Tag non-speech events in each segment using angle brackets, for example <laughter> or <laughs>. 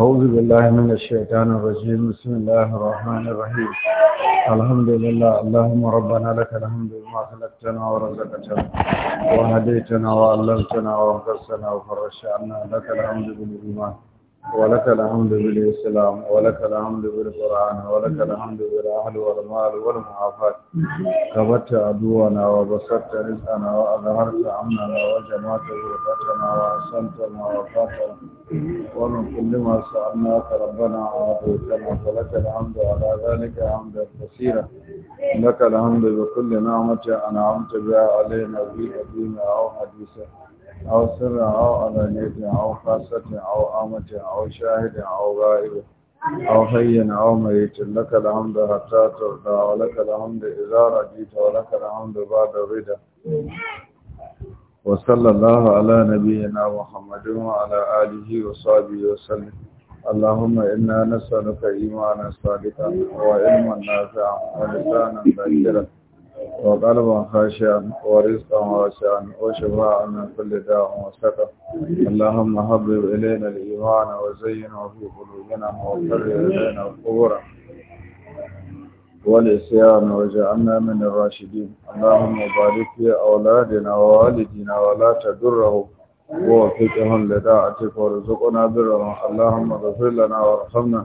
أعوذ بالله من الشيطان الرجيم بسم الله الرحمن الرحيم الحمد لله اللهم ربنا لك الحمد بما خلقتنا ورزقتنا وهديتنا وعلمتنا وانقذتنا وفرجت لك الحمد بالإيمان ولك الحمد بالإسلام ولك الحمد بالقرآن ولك الحمد بالأهل والمال والمعافاة كبت عدونا وبسطت رزقنا وأظهرت أمننا وجمعت غرفتنا وأحسنت وفاتنا ومن كل ما سألناك ربنا أعطيتنا فلك الحمد على ذلك حمدا كثيرا لك الحمد بكل نعمة أنعمت بها علينا في قديم أو حديثا أو سر أو علانية أو خاصة أو أمة أو شاهد أو غائب أو حي أو ميت لك الحمد حتى ترضى ولك الحمد إذا رجيت ولك الحمد بعد الرضا وصلى الله على نبينا محمد وعلى آله وصحبه وسلم اللهم إنا نسألك إيمانا صادقا وعلما نافعا ولسانا ذاكرا وقلبا خاشعا ورزقا واسعا وشفاء من كل داء وسقم اللهم حبب إلينا الإيمان وزينه في قلوبنا وقرر إلينا القبور والعصيان وجعلنا من الراشدين اللهم بارك في أولادنا ووالدنا ولا تدرهم ووفقهم لداعتك وارزقنا برهم اللهم اغفر لنا وارحمنا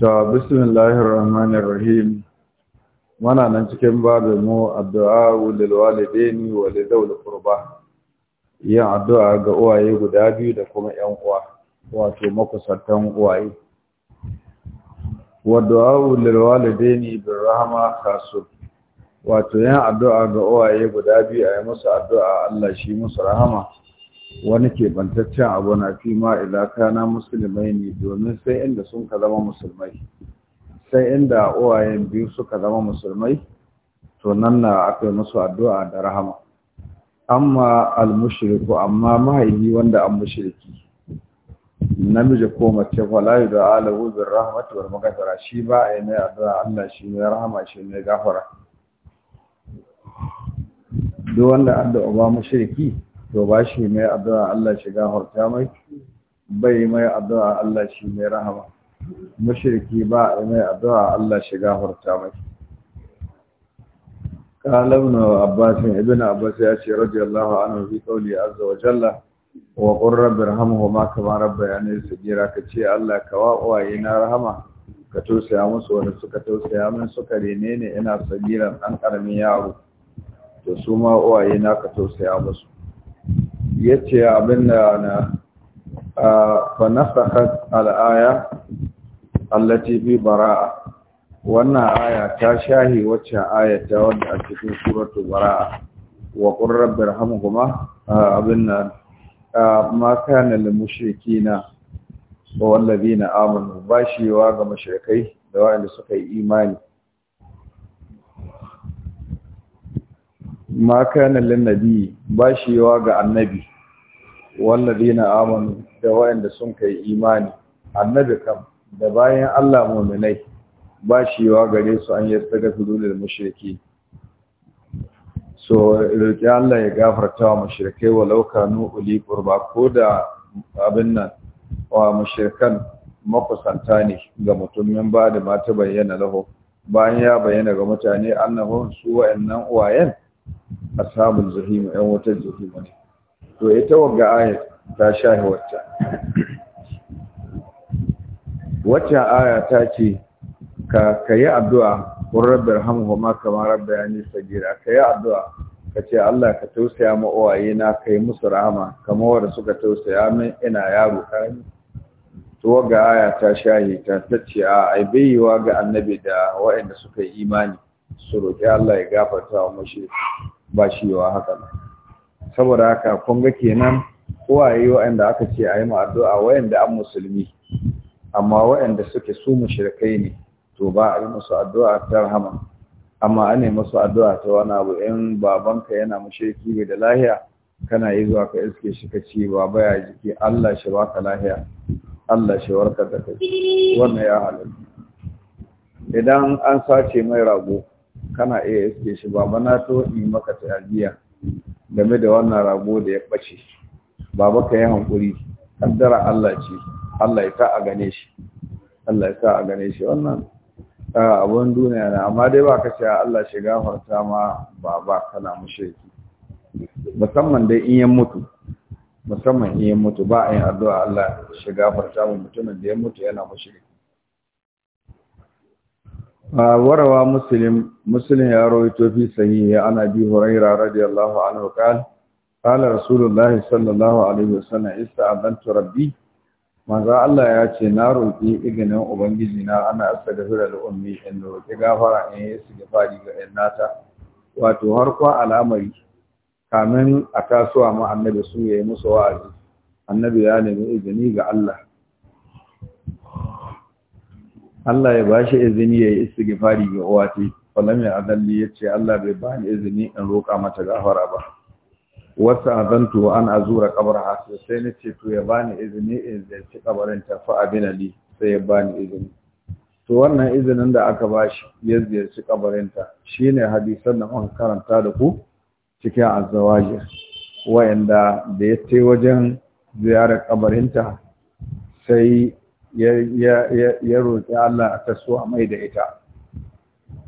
ta bismillahir rahmanir rahim muna nan cikin babu mu addu'a lil walidaini wa lidawil qurba yin addu'a ga uwaye guda biyu da kuma ƴan uwa wato makusantan uwaye wa du'a lil walidaini bir rahma khasun wato yin addu'a ga uwaye guda biyu ayi musu addu'a Allah shi musu rahama wani keɓantaccen abu na fi ma ila na musulmai ne domin sai inda sun ka zama musulmai sai inda uwayen biyu suka zama musulmai to nan na aka yi musu addu'a da rahama amma almushriku amma mahaifi wanda an mushriki namiji ko mace fala da alahu bir rahmati wal shi ba a yi mai addu'a Allah shi ne rahama shi ne gafara duk wanda addu'a ba mushriki to ba shi mai addu'a Allah shi harta mai bai mai addu'a Allah shi mai rahama mushriki ba mai addu'a Allah shi harta mai قال ابن عباس ابن عباس يأتي رضي الله عنه في قوله عز وجل وقل رب ارحمهما كما ربياني صغيرا كتي الله كوا واينا رحما ka tausaya musu wanda suka tausaya min suka rene ne ina sagiran ɗan ƙaramin yaro to su ma na ka tausaya musu yace abin da na fa nasakhat al-aya allati bi bara'a wannan aya ta shahi waccan aya ta wanda a cikin suratul bara'a wa qur rabbirhamhuma abin nan ma kana lil mushrikina wa wallazina amanu bashiwa ga mushrikai da wanda suka yi imani ma kana lin nabi ba shi yawa ga annabi walladina amanu da wayanda sun kai imani annabi kam da bayan Allah mu'minai ba shi yawa gare su an ga dulul mushriki so roki Allah ya gafarta wa mushrikai walau kanu uli qurba ko da abin nan wa mushrikan makusanta ne ga mutumin ba da mata bayyana laho bayan ya bayyana ga mutane annahu su wayannan uwayen ashabul jahim yan wata jahima to ita wagga ayat ta shahi wata. wata aya ta ce ka kayi addu'a kun rabbi ma kama rabbayani sagira kayi addu'a ka ce Allah ka tausaya ma uwaye na kai musu rahama kamar wanda suka tausaya min ina yaro karami to aya ta shahi ta tace a ga annabi da waɗanda suka yi imani su roƙi Allah ya gafarta wa mashi ba shi yawa haka saboda haka kun ga kenan kowaye waanda aka ce ayi yi ma addu'a an musulmi amma waɗanda suke su mushrikai ne to ba a yi musu addu'a ta rahama amma an yi musu addu'a ta wani abu in babanka yana mushriki da lahiya kana yi zuwa ka iske shi ka ce baba baya jiki Allah shi baka lahiya Allah shi warkar da kai wannan ya halatta idan an sace mai rago kana iya iske shi baba na to in maka ta'aziyya game da wannan rago da ya bace baba ka yi hankuri kaddara Allah ce Allah ya sa a gane shi Allah ya sa a gane shi wannan abun duniya na amma dai ba ka cewa Allah shi gafarta ma baba kana mushriki musamman dai in ya mutu musamman in ya mutu ba a yin addu'a Allah shi gafarta mu mutumin da ya mutu yana mushriki وروى مسلم مسلم يروي في صحيح عن ابي هريره رضي الله عنه قال قال رسول الله صلى الله عليه وسلم استعذنت ربي manzo Allah ya ce na roƙi iginin ubangiji na ana astaghfira da ummi in roƙi gafara in yi fadi ga nata wato har al'amari kamin a kasuwa ma annabi su yayi musu wa'azi annabi ya nemi izini ga Allah Allah ya bashi izini ya yi istighfari ga uwati ta falam ya adalli ya Allah bai bani izini in roƙa mata gafara ba wasu azantu an azura kabarha sai na ce to ya bani izini in ziyarci kabarin ta fa abina li sai ya bani izini to wannan izinin da aka bashi ya ziyarci kabarin ta shine hadisan da muka karanta da ku cikin azawajir wayanda da ya ce wajen ziyarar kabarin ta sai ya roƙi Allah a so a mai da ita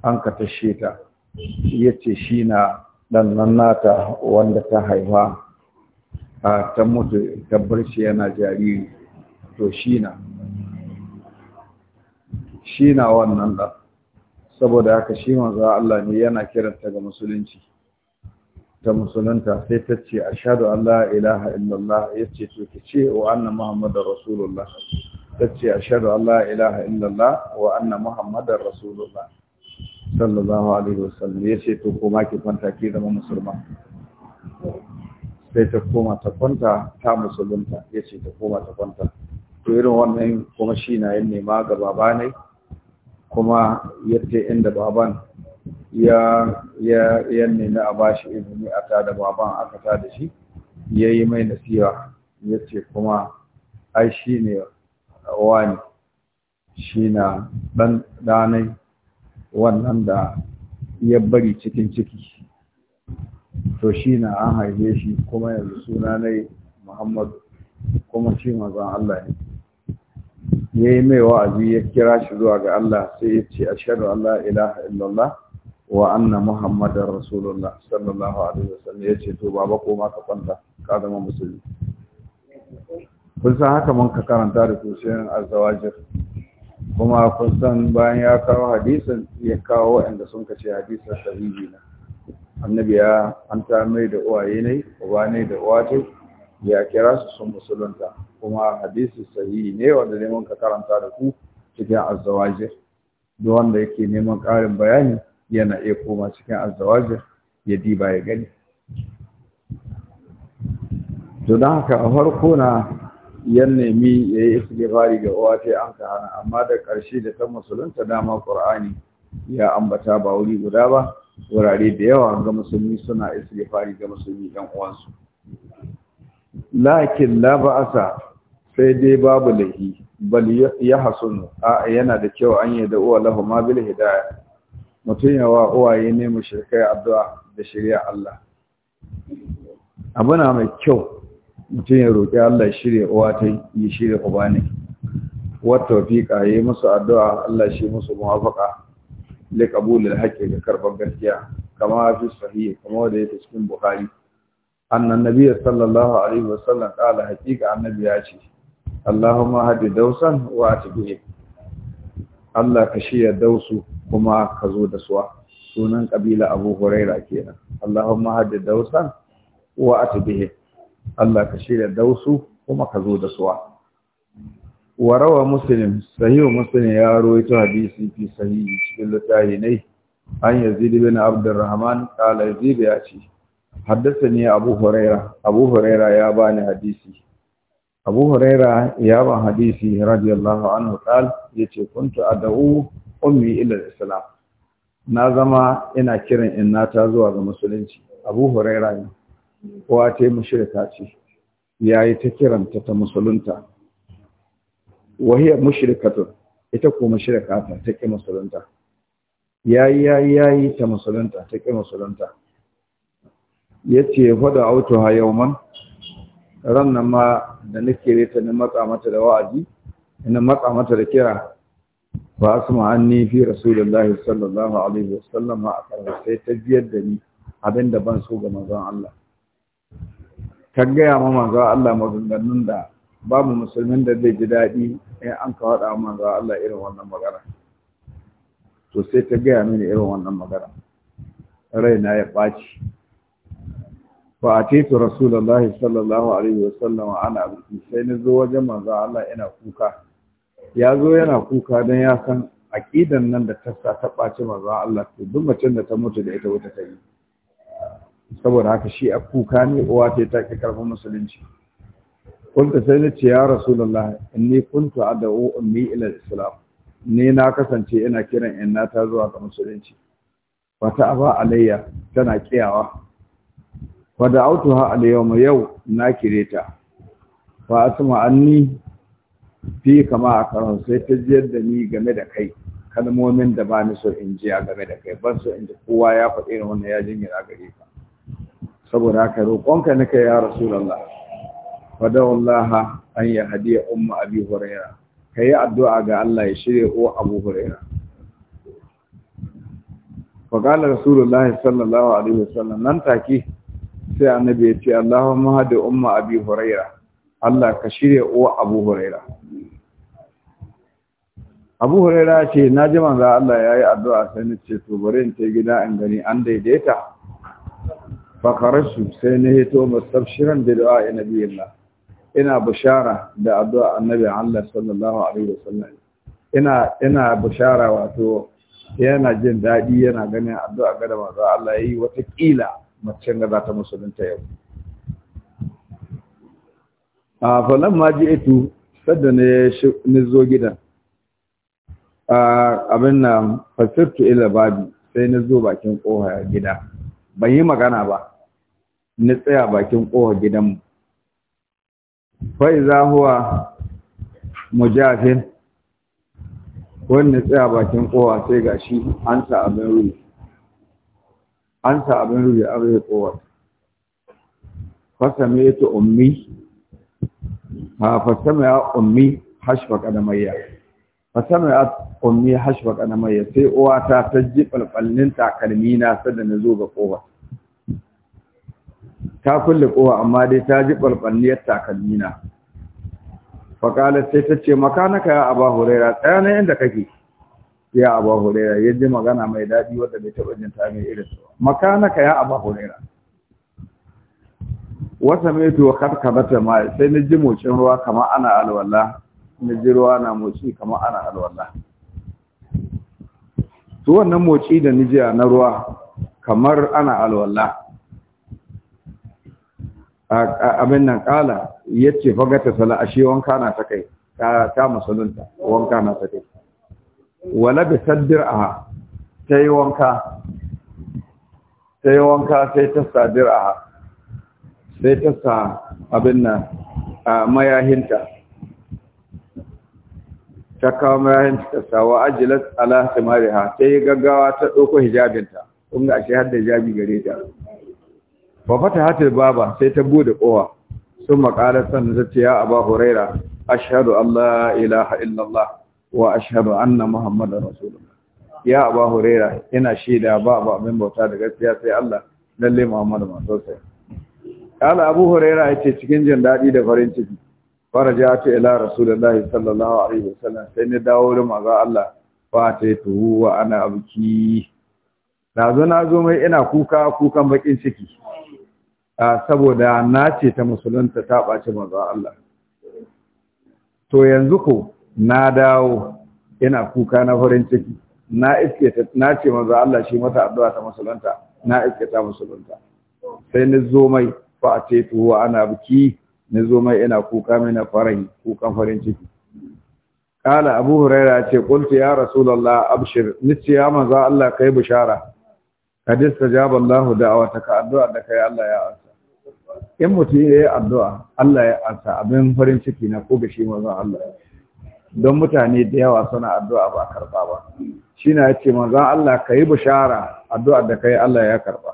an ka tashe ta ya ce shi na ɗannan nata wanda ta haifa a ta mutu tabbar shi yana jariri to shi na shi na wannan da saboda haka shi manzo Allah ne yana kiranta ga musulunci ta musulunta sai ta ce ashhadu Allah la ilaha illallah ce to ki ce wa anna Muhammadu rasulullah tace ashhadu an la ilaha illallah wa anna muhammadar rasulullah sallallahu alaihi wasallam yace to koma ki kwanta ki zama musulma sai ta koma ta kwanta ta musulunta yace ta koma ta kwanta to irin wannan kuma shi na yin nema ga baba ne kuma yadda inda baban ya ya yan nemi a bashi izini a ta da baban aka ta da shi ya yi mai nasiwa ya ce kuma ai shi ne wani shi na ɗan ɗanai wannan da ya bari cikin ciki to shi na an haife shi kuma yanzu suna yi muhammadu kuma shi mazan Allah ne ya yi mai wa'azi ya kira shi zuwa ga Allah sai ya ce a shaɗu Allah ilaha illallah wa anna muhammadar rasulullah sallallahu alaihi wasallam ya ce to baba ko ma ka kwanta ka zama musulmi kun san haka mun ka karanta da tushen azawajir kuma kun san bayan ya kawo hadisin ya kawo waɗanda sun kace hadisin sahihi na annabi ya an ta mai da uwaye ne uba ne da uwa ce ya kira su sun musulunta kuma hadisin sahihi ne wanda ne mun ka karanta da ku cikin azawajir duk wanda yake neman ƙarin bayani yana iya koma cikin azawajir ya diba ya gani to don haka a farko na yan nemi ya yi istighfari ga uwa ta an ka hana amma da ƙarshe da ta musulunta dama qur'ani ya ambata ba wuri guda ba wurare da yawa ga musulmi suna istighfari ga musulmi ɗan uwansu lakin la ba'asa sai dai babu lahi bal ya hasunu a yana da kyau an yi da uwa lahu ma bil hidayah mutum uwa uwaye ne shirkai addu'a da shirya Allah abuna mai kyau mutum ya roƙi Allah shirya uwa ta yi shirya uba ne wata fiƙa ya yi musu addu'a Allah shi musu mawafaka da qabulil haqqi da karban gaskiya kama fi sahih kama da yake cikin bukhari annan nabi sallallahu alaihi wasallam qala haqiqa annabi ya ce Allahumma haɗe dausan wa tibiye Allah ka shiya dausu kuma ka zo da suwa sunan ƙabila Abu Huraira kenan Allahumma haɗe dausan wa tibiye Allah ka shirya dausu kuma ka zo da suwa wa rawa muslim sahihu muslim ya rawaito hadisi fi sahihi cikin littafi ne an yazid bin abdurrahman qala yazid ya ce Haddasa abu huraira abu huraira ya bani hadisi abu huraira ya ba hadisi radiyallahu anhu qal yace kuntu ad'u ummi ila islam na zama ina kiran innata zuwa ga musulunci abu huraira ne kowa ta yi mushrika ce yi ta kiranta ta musulunta wahiya mushrikatun ita ko mushrika ta ta yi musulunta yi ya yi ta musulunta ta ke musulunta Ya ce yace fada man ran rannan ma da nake reta na matsa mata da wa'azi ina matsa mata da kira ba asma anni fi rasulullahi sallallahu alaihi wasallam a sai ta biyar da ni abinda ban so ga mazan Allah ka gaya ma manzo Allah maganganun da babu musulmin da zai ji daɗi in an ka faɗa manzo Allah irin wannan magana to sai ta gaya mini irin wannan magana raina ya ɓaci fa atitu rasulullahi sallallahu alaihi wa sallam ana abiki sai na zo wajen manzo Allah ina kuka ya zo yana kuka dan ya san aqidan nan da ta sa ta ɓaci manzo Allah to duk macen da ta mutu da ita wata ta yi saboda haka shi a kuka ne uwa ta ta ki karɓar musulunci kunta sai na ce ya rasulullah inni kuntu ad'u ummi ila islam ni na kasance ina kiran inna ta zuwa ga musulunci wata aba alayya tana kiyawa wa da'awtuha al-yawma yau na kireta fa asma anni fi kama akaran sai ta jiyar da ni game da kai kalmomin da ba ni so in jiya game da kai ban so in ji kowa ya faɗi ni wannan ya jinyar a gare ka saboda haka roƙonka nake ya rasulullah fada wallaha an ya hadiya umma abi huraira kai addu'a ga Allah ya shirye o abu huraira fa qala rasulullah sallallahu alaihi wasallam nan take sai annabi ya ce Allahumma hadi umma abi huraira Allah ka shirye o abu huraira abu huraira ce na ji manzo Allah ya yi addu'a sai ni ce to in ta gida in gani an daidaita fakararsu sai na hito mustabshiran da du'a ya nabi Allah ina bishara da addu'a annabi Allah sallallahu alaihi wa ina ina bishara wato yana jin daɗi yana ganin addu'a ga da manzo Allah yayi wata kila mace ga za ta musulunta yau a falan ma ji etu sadda ne ni zo gidan abin na fasirtu ila babi sai na zo bakin koha gida ban yi magana ba na tsaya bakin ƙofar gidanmu fa'iza huwa mujafin wani tsaya bakin ƙowa sai ga shi an sa abin rufe an sa abin rufe an rufe ƙowar fasame ta ummi ha fasame ya ummi hashfa kadamayya fasame ya ummi hashfa kadamayya sai uwa ta ta ji ɓalɓalin takalmi na sada na zo ga ƙowar ta kulle kowa amma dai ta ji ɓarɓarniyar takalmina faƙalar sai ta ce makanaka ya aba huraira tsaya na inda kake ya aba huraira ya ji magana mai daɗi wadda bai taɓa jin ta mai irin su makanaka ya aba huraira wata mai ka bata ma sai na ji mocin ruwa kamar ana alwala na ji ruwa na moci kamar ana alwala su wannan moci da nijiya na ruwa kamar ana alwala abin nan kala yace fagata sala ashe wanka na ta kai ta musulunta wanka na ta kai wala bi sadir'a sai wanka sai wanka sai ta sadir'a sai ta sa abin nan mayahinta ta kawo mayahinta ta sa wa ajilat ala simariha sai gaggawa ta ɗauko hijabinta kun ga ashe har da hijabi gare ta fa fatahatul baba sai ta bude kowa sun makalar sannan ta ce ya aba huraira ashhadu an la ilaha allah wa ashhadu anna muhammadar rasulullah ya aba huraira ina shaida ba ba abin bauta da gaskiya sai Allah lalle muhammadu manzo sai kala abu huraira yace cikin jin dadi da farin ciki farajatu ila rasulullah sallallahu alaihi wasallam sai ni dawo da maza Allah fa ta wa ana abki na zo na zo mai ina kuka kukan bakin ciki saboda na ce ta musulunta ta ɓace manzon Allah to yanzu ko na dawo yana kuka na farin ciki na iske ta na ce manzo Allah shi mata addu'a ta musulunta na iske ta musulunta sai ni zo mai fa a ce tuwa ana biki ni zo mai ina kuka mina farin kukan farin ciki kala abu huraira ce qultu ya rasulullah abshir nice ya maza Allah kai bishara hadis jaba Allah ka addu'a da kai Allah ya ansa in mutum ya yi addu'a Allah ya asa abin farin ciki na ko gashi mazan Allah don mutane da yawa suna addu'a ba a karba ba shi na yace mazan Allah ka yi bishara addu'a da kai Allah ya karba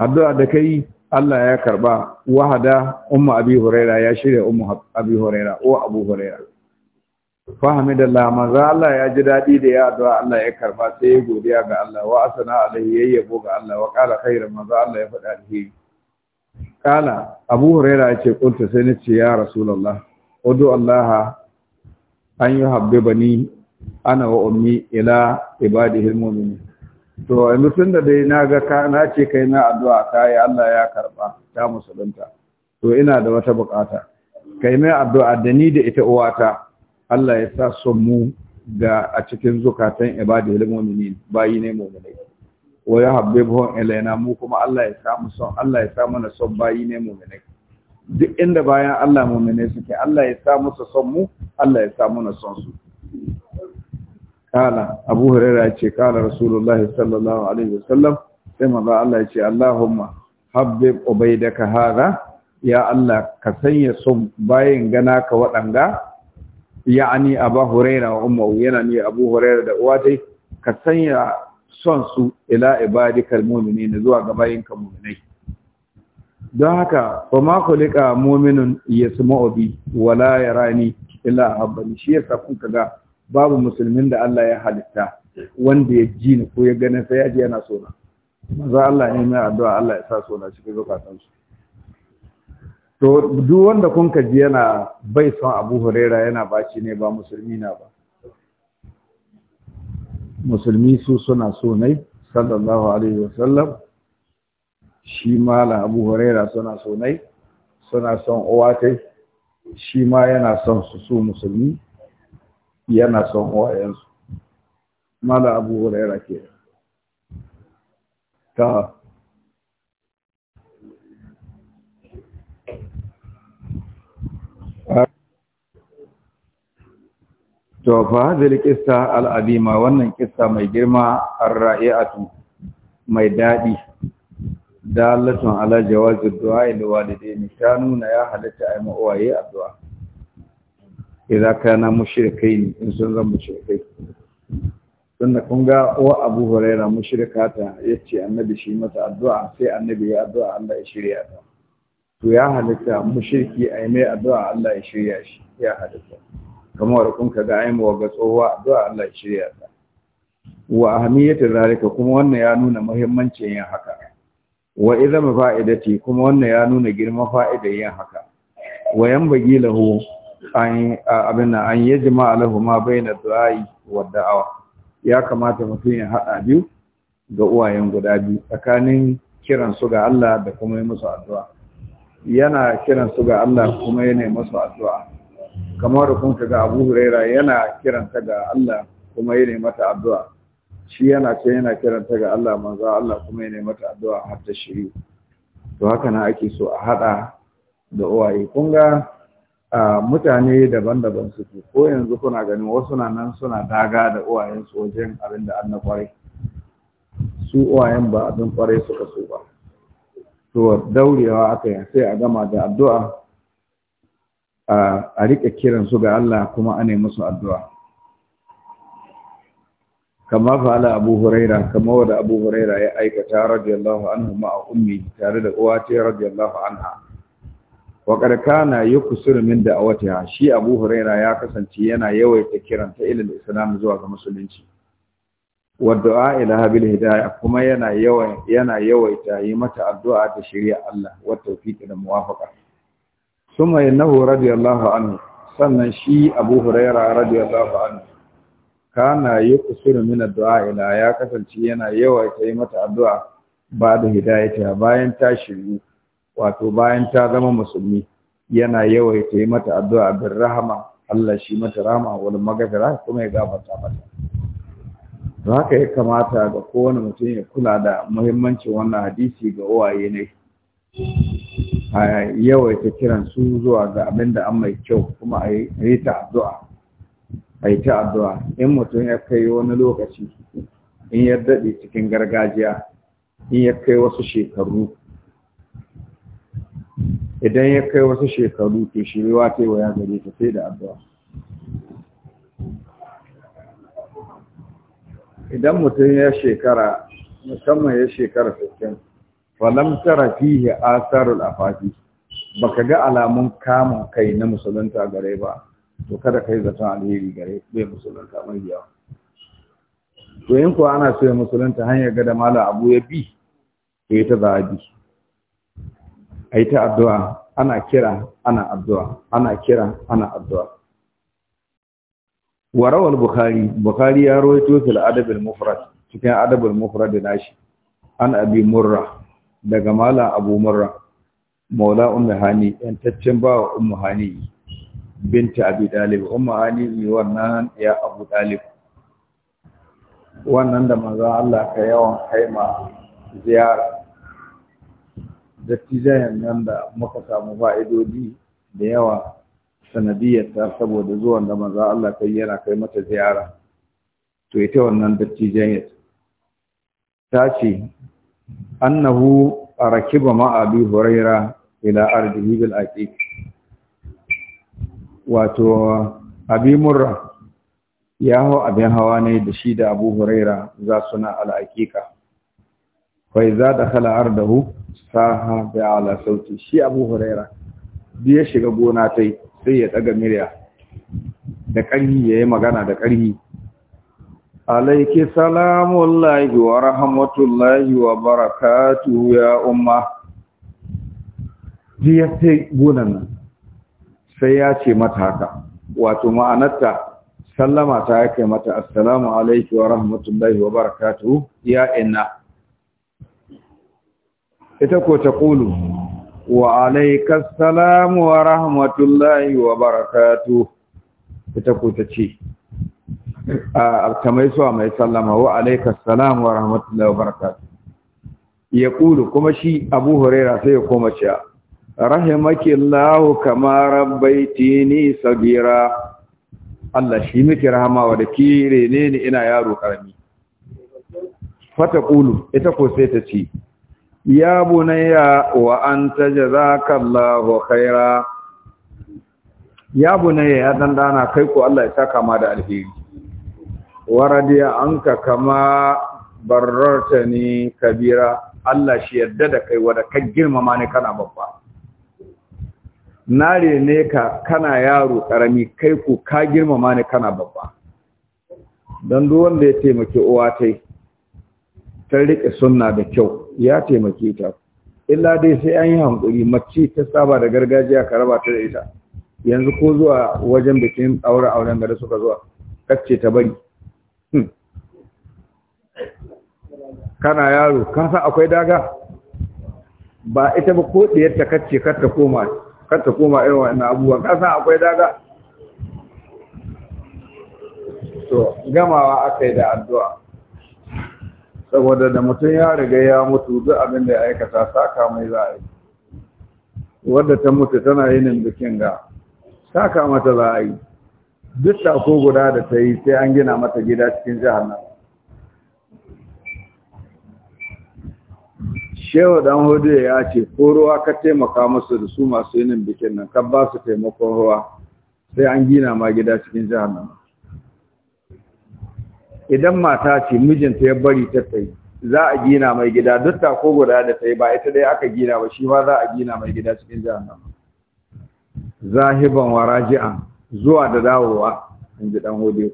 Addu'a da kai Allah ya karba wahada umma abi huraira ya shirya umma abi huraira ko abu huraira fahamidallah za Allah ya ji daɗi da ya addu'a Allah ya karba sai ya godiya ga Allah wa asana alaihi yabo ga Allah wa kaira khairan manzo Allah ya faɗa alheri kala Abu Huraira ya ce ƙunta sai na ce ya rasulallah. udu Allah an yi ni ana wa ummi ila hilmomi ne to yanzu tun da dai na ga ka na ce kai na addu'a yi Allah ya karba ta musulunta to ina da wata bukata kai mai addu'a da ni da ita uwata Allah ya sa son mu ga a cikin zukatan ibadi lil bayi ne mu'minai wa ya yuhibbuhum ilaina mu kuma Allah ya sa mu son Allah ya sa mana son bayi ne mu'minai duk inda bayan Allah mu'minai suke Allah ya sa musu son mu Allah ya sa mana son su kala Abu Hurairah ce kala Rasulullahi sallallahu alaihi wasallam sai manzo Allah ya ce Allahumma habbib daga hada ya Allah ka sanya son bayin gana ka waɗanga ya'ani abu huraira wa ummu yana ne abu huraira da uwa tai ka sanya son su ila ibadikal mu'minin zuwa ga ka mu'minai don haka fa ma khuliqa mu'minun yasma'u bi wala yarani illa habbani shi yasa kun kaga babu musulmin da Allah ya halitta wanda ya ji ni ko ya ganin sai ya ji yana so na manzo Allah ne mai addu'a Allah ya sa so na cikin zakatansu to duk wanda kun ka ji yana bai son abu huraira yana baci ne ba musulmi na ba musulmi su suna so ne sallallahu alaihi wasallam shi mala abu huraira suna so ne suna son uwa shi ma yana son su su musulmi yana son uwayensu mala abu huraira ke ta to fa hadhihi qissa al-azima wannan qissa mai girma ar-ra'iatu mai dadi dalatun ala jawazi du'a lil walidaini ta nuna ya halatta ai uwaye addu'a idan kana mushrikai in sun zama mushrikai tunda kun ga uwa Abu Huraira mushrika ta yace annabi shi mata addu'a sai annabi ya addu'a Allah ya shirya ta to ya halatta mushriki ai mai addu'a Allah ya shirya shi ya halitta. kamar kun ka ga ai ga tsohuwa addu'a Allah ya shirya ta wa ahmiyatu zalika kuma wannan ya nuna muhimmancin yin haka wa izama fa'idati kuma wannan ya nuna girman fa'idar yin haka wa 'yan bagi lahu an abin an yajma lahu ma na du'ai wa da'awa ya kamata mutum ya haɗa biyu ga uwayen guda biyu tsakanin kiran su ga Allah da kuma yi musu addu'a yana kiran su ga Allah kuma yana musu addu'a kamar da kun ga Abu Huraira yana kiranta ga Allah kuma yana mata addu'a shi yana ce yana kiranta ga Allah manzo Allah kuma yana mata addu'a har ta shiri to haka na ake so a haɗa da uwaye kun ga mutane daban-daban suke ko yanzu kuna ganin wasu na nan suna daga da uwayensu wajen abin da an su uwayen ba abin kwarai suka so ba to daurewa aka yi sai a gama da addu'a a riƙe kiran su ga Allah kuma nemi su addu'a kama fa'ala abu huraira kama wada abu huraira ya aikata radiyallahu anhu ma'a ummi tare da uwa ce radiyallahu anha waƙar kana yi kusur min da a shi abu huraira ya kasance yana yawaita kiranta ilil islam zuwa ga musulunci wadda'a ila habil hidaya kuma yana yawaita yi mata addu'a ta shirya Allah wata tawfiqi da muwafaƙa انه رضي الله عنه sannan shi Abu Huraira radiyallahu anhu kana yuqsiru min addu'a, ila ya kasance yana yawa yi mata addu'a bada da hidayata bayan ta shiru wato bayan ta zama musulmi yana yawaita yi mata addu'a bin rahama Allah shi mata rahama wal magfira kuma ya gafarta mata haka ya kamata ga kowane mutum ya kula da muhimmancin wannan hadisi ga uwaye ne a yawaita kiran su zuwa ga abin da an mai kyau kuma a yi ta addu'a a yi ta addu'a in mutum ya kai wani lokaci in ya daɗe cikin gargajiya in ya kai wasu shekaru idan ya kai wasu shekaru to shirewa ta yi waya gare ta sai da addu'a idan mutum ya shekara musamman ya shekara 60 falam tara fihi asarul afati baka ga alamun kamun kai na musulunta gare ba to kada kai zaton alheri gare bai musulunta mai yawa to in ko ana so ya musulunta hanyar ga da mala abu ya bi to ita za a bi ai ta addu'a ana kira ana addu'a ana kira ana addu'a wa rawal bukhari bukhari ya rawaito fil adab al mufrad cikin adab al mufrad nashi an abi murrah daga mala abu murra maula umu hani yantaccen bawa umu hani binta abi dalib umu hani wannan ya abu dalib wannan da maza Allah ka yawan haima ziyara dattijayen nan da muka samu fa'idodi da yawa sanadiyyarta saboda zuwan da maza Allah ka yana kai mata ziyara to ita wannan dattijayen ta ce annahu arakiba ma abi huraira ila ardihi bil aqiq wato abi murra ya hau abin hawa ne da shi da abu huraira za su na al aqiqa za da kala ardahu saha da ala sauti shi abu huraira bi ya shiga gona tai sai ya ɗaga murya da ƙarhi yayi magana da ƙarhi alaiki salamullahi wa rahmatullahi wa barakatuhu ya umma ji ya ce gunan sai ya ce mata haka wato ma'anarta sallama ta yake mata assalamu alaiki wa rahmatullahi wa barakatuhu ya inna ita ko kulu wa alaika assalamu wa rahmatullahi wa barakatuhu ita ko ce kamar suwa mai sallama wa alaikar salam wa rahmatullahi wa barakatu ya kulu kuma shi abu huraira sai ya koma cewa rahimakillahu kama rabbaiti ni sabira Allah shi miki rahama wa da kire ne ni ina yaro karami fata Kulu, ita ko sai ta ce ya bunayya wa anta khaira ya bunayya ya dandana kai ko Allah ya saka ma da alheri waradiya ka kama ni kabira Allah shi yadda da kai da ka girmama ne kana babba nare ne ka kana yaro karami kai ku ka girmama ne kana babba dan duk wanda ya taimake uwa tai ta rike sunna da kyau ya taimake ta illa dai sai an yi hankuri mace ta saba da gargajiya ka raba ta da ita yanzu ko zuwa wajen bikin aure auren da suka zuwa kacce ta bari kana yaro kan san akwai daga ba ita ba ko diyar ta kace kar ta koma kar ta koma irin wannan abubuwan ka san akwai daga to gamawa akai da addu'a saboda da mutum ya riga ya mutu duk abin da ya aikata saka mai za a yi wadda ta mutu tana yinin bikin ga saka mata za a yi duk ko guda da ta yi sai an gina mata gida cikin jihar nan Shewa dan hudu ya ce ko ruwa ka taimaka musu da su masu yinin bikin nan ka ba su taimakon ruwa sai an gina ma gida cikin jahannama idan mata ce mijinta ya bari ta tsaye za a gina mai gida duk ta ko guda da ta yi ba ita dai aka gina ba shi ma za a gina mai gida cikin jahannama zahiban wa raji'an zuwa da dawowa in ji dan hudu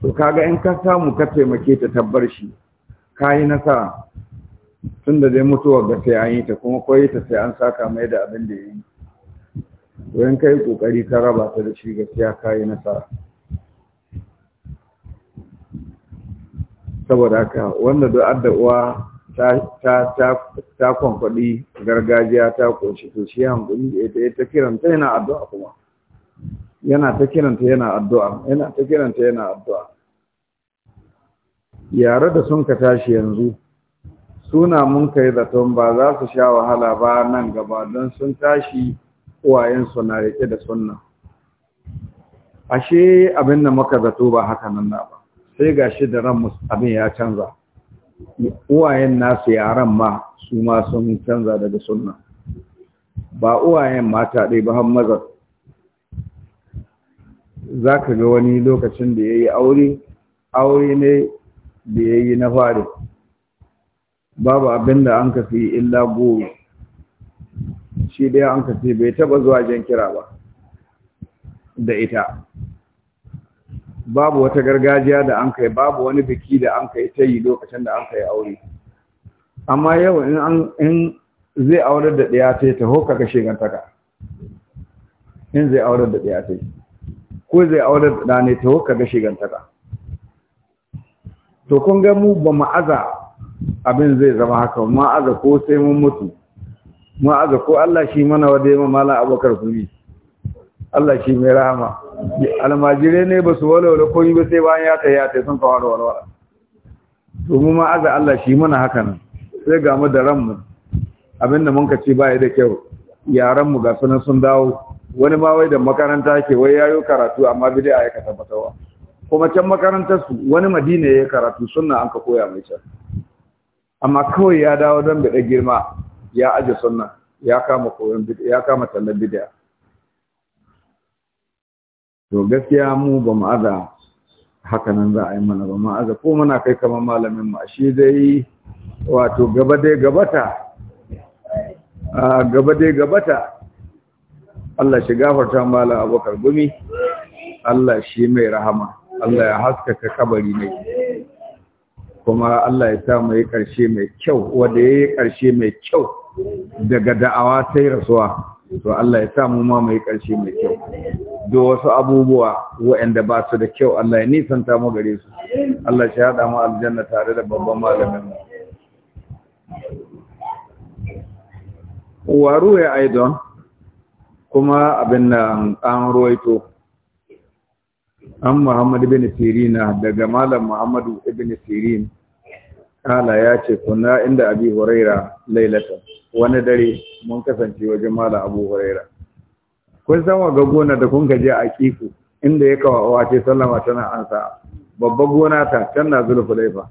to kaga in ka samu ka taimake ta tabbar shi ka yi nasara tun da dai mutuwar ga sai an yi ta kuma kwaye ta sai an saka mai da abin da ya yi wayan ka yi ƙoƙari ka raba ta da shi gaskiya ka yi nasara saboda haka wanda duk adda uwa ta kwankwadi gargajiya ta koshi to shi hankali ita ya ta kiranta yana addu'a kuma yana ta kiranta yana addu'a yana ta kiranta yana addu'a yare da sun ka tashi yanzu suna mun kai zaton ba za su sha wahala ba nan gaba don sun tashi uwayensu na rike da sunna ashe abin da muka zato ba haka nan na ba sai ga da ran abin ya canza uwayen nasu yaren ma su ma sun canza daga sunna ba uwayen mata ɗai ba har mazar za ka ga wani lokacin da ya yi aure aure ne da ya yi na fari babu abin da an kafi illa goyi shi dai an kafi bai taba zuwa jan kira ba da ita babu wata gargajiya da an kai babu wani biki da an kai ta yi lokacin da an kai aure amma yau in zai aurar da ɗaya ta ta hoka ka shigantaka. in zai aurar da ɗaya ta ko zai aurar da ɗane ta hoka ka shigantaka. to kun ga mu ba ma'aza abin zai zama haka ma'aza ko sai mun mutu ma'aza ko Allah shi mana wade ma mala abokar kuri Allah shi mai rahama almajire ne ba su walwala yi ba sai bayan ya ta ya ta sun kawo walwala to mu ma'aza Allah shi mana haka nan sai ga mu da abin da mun ka ce ba da kyau yaran mu ga sunan sun dawo wani ma wai da makaranta ke wai yayo karatu amma bidai a ya ka tabbatawa kuma can makarantar su wani madina ya karatu sunna an ka koya mai can amma kawai ya dawo don da girma ya aje sunna ya kama koyon ya kama tallan bid'a to gaskiya mu ba mu aza haka nan za a yi mana ba mu aza ko muna kai kamar malamin mu shi dai wato gaba dai gabata a gaba dai gabata Allah shi gafarta mala abokar gumi Allah shi mai rahama Allah ya haskaka kabari mai kuma Allah ya sa mu yi ƙarshe mai kyau wanda ya yi ƙarshe mai kyau daga da'awa sai rasuwa to Allah ya sa mu ma mu yi ƙarshe mai kyau do wasu abubuwa waɗanda ba su da kyau Allah ya nisanta mu gare su Allah shi haɗa mu aljanna tare da babban malamin mu waru ya aidon kuma abin da an ruwaito an muhammad bin sirina daga malam muhammadu ibn sirin kala ya ce kuna inda abi huraira lailata wani dare mun kasance wajen malam abu huraira kun san wa gona da kun je a kifu inda ya kawawa ce sallama tana ansa babbar gona ta can na zulfulaifa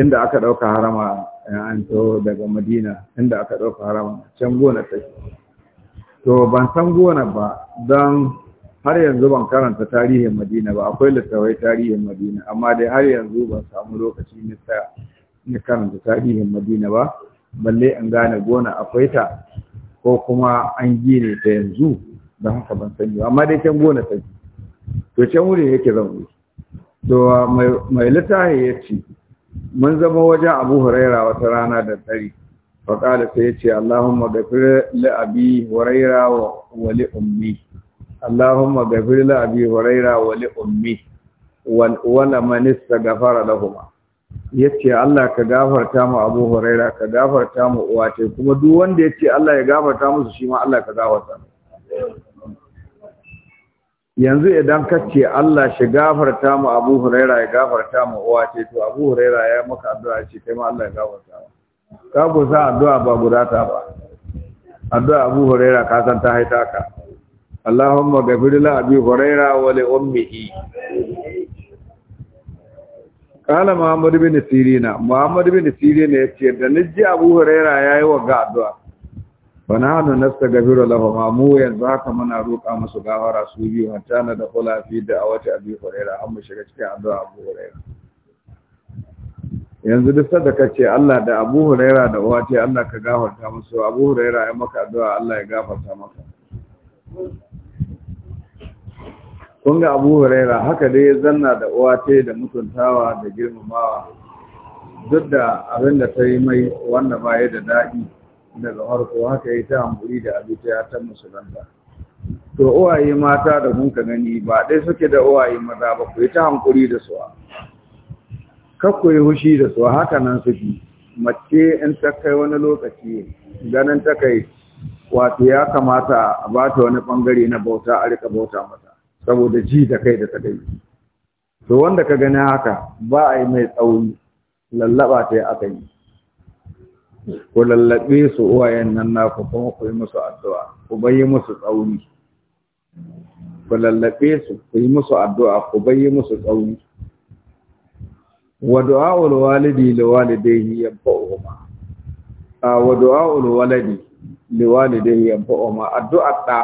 inda aka dauka harama an to daga madina inda aka dauka harama can gona ta to ban san gona ba dan har yanzu ban karanta tarihin madina ba akwai littawai tarihin madina amma dai har yanzu ban samu lokaci na tsaya na karanta tarihin madina ba balle an gane gona akwai ta ko kuma an gine ta yanzu don haka ban sani amma dai can gona ta to can wuri yake zan wuri to mai littafi ya ce mun zama wajen abu huraira wata rana da tsari faƙada sai ya ce allahumma gafir li abi huraira wa li ummi اللهم غفر لأبي هريرة ولأمي من استغفر لهما yace Allah ka gafarta mu Abu Huraira ka gafarta mu uwate kuma duk wanda yace Allah ya gafarta musu shi ma Allah ka gafarta yanzu idan ka ce Allah shi gafarta mu Abu Huraira ya gafarta mu uwate to Abu Huraira ya maka addu'a ce kai ma Allah ya gafarta mu ka go sa addu'a ba guda ta ba addu'a Abu Huraira ka san ta haita ka Allahumma ghafir li ابي huraira wa li ummihi kala muhammad bin sirina muhammad bin sirina yace da naji abu huraira yayi wa ga addu'a fanahanu nastaghfiru lahum mu yanzu haka muna roƙa musu gafara su biyu hatta da khulafi da huraira an cikin addu'a abu huraira yanzu duk sadaka ce Allah da Abu Huraira da uwa ce Allah ka gafarta musu Abu Huraira ya maka addu'a Allah ya gafarta maka kun ga abu huraira haka dai ya zanna da uwa ce da mutuntawa da girmamawa duk da abin da ta yi mai wanda ba da daɗi daga harko haka ya ta hamburi da abita ya ta musulunta to uwaye mata da kun ka gani ba ɗai suke da uwaye maza ba ku yi ta hankuri da su kakku yi hushi da su haka nan suke mace in ta kai wani lokaci ganin ta kai wato ya kamata a ba ta wani ɓangare na bauta a rika bauta mata saboda ji da kai da ta to wanda ka gani haka ba a yi mai tsauni, lallaba ta yi aka yi ku lallabe su uwayen nan naku kuma ku yi musu addu'a ku bayi musu tsauni. ku lallabe su ku yi musu addu'a ku bayi musu tsauni. wa du'a'ul walidi li walidayhi yanfa'uhuma wa du'a'ul waladi li walidayhi yanfa'uhuma addu'a ta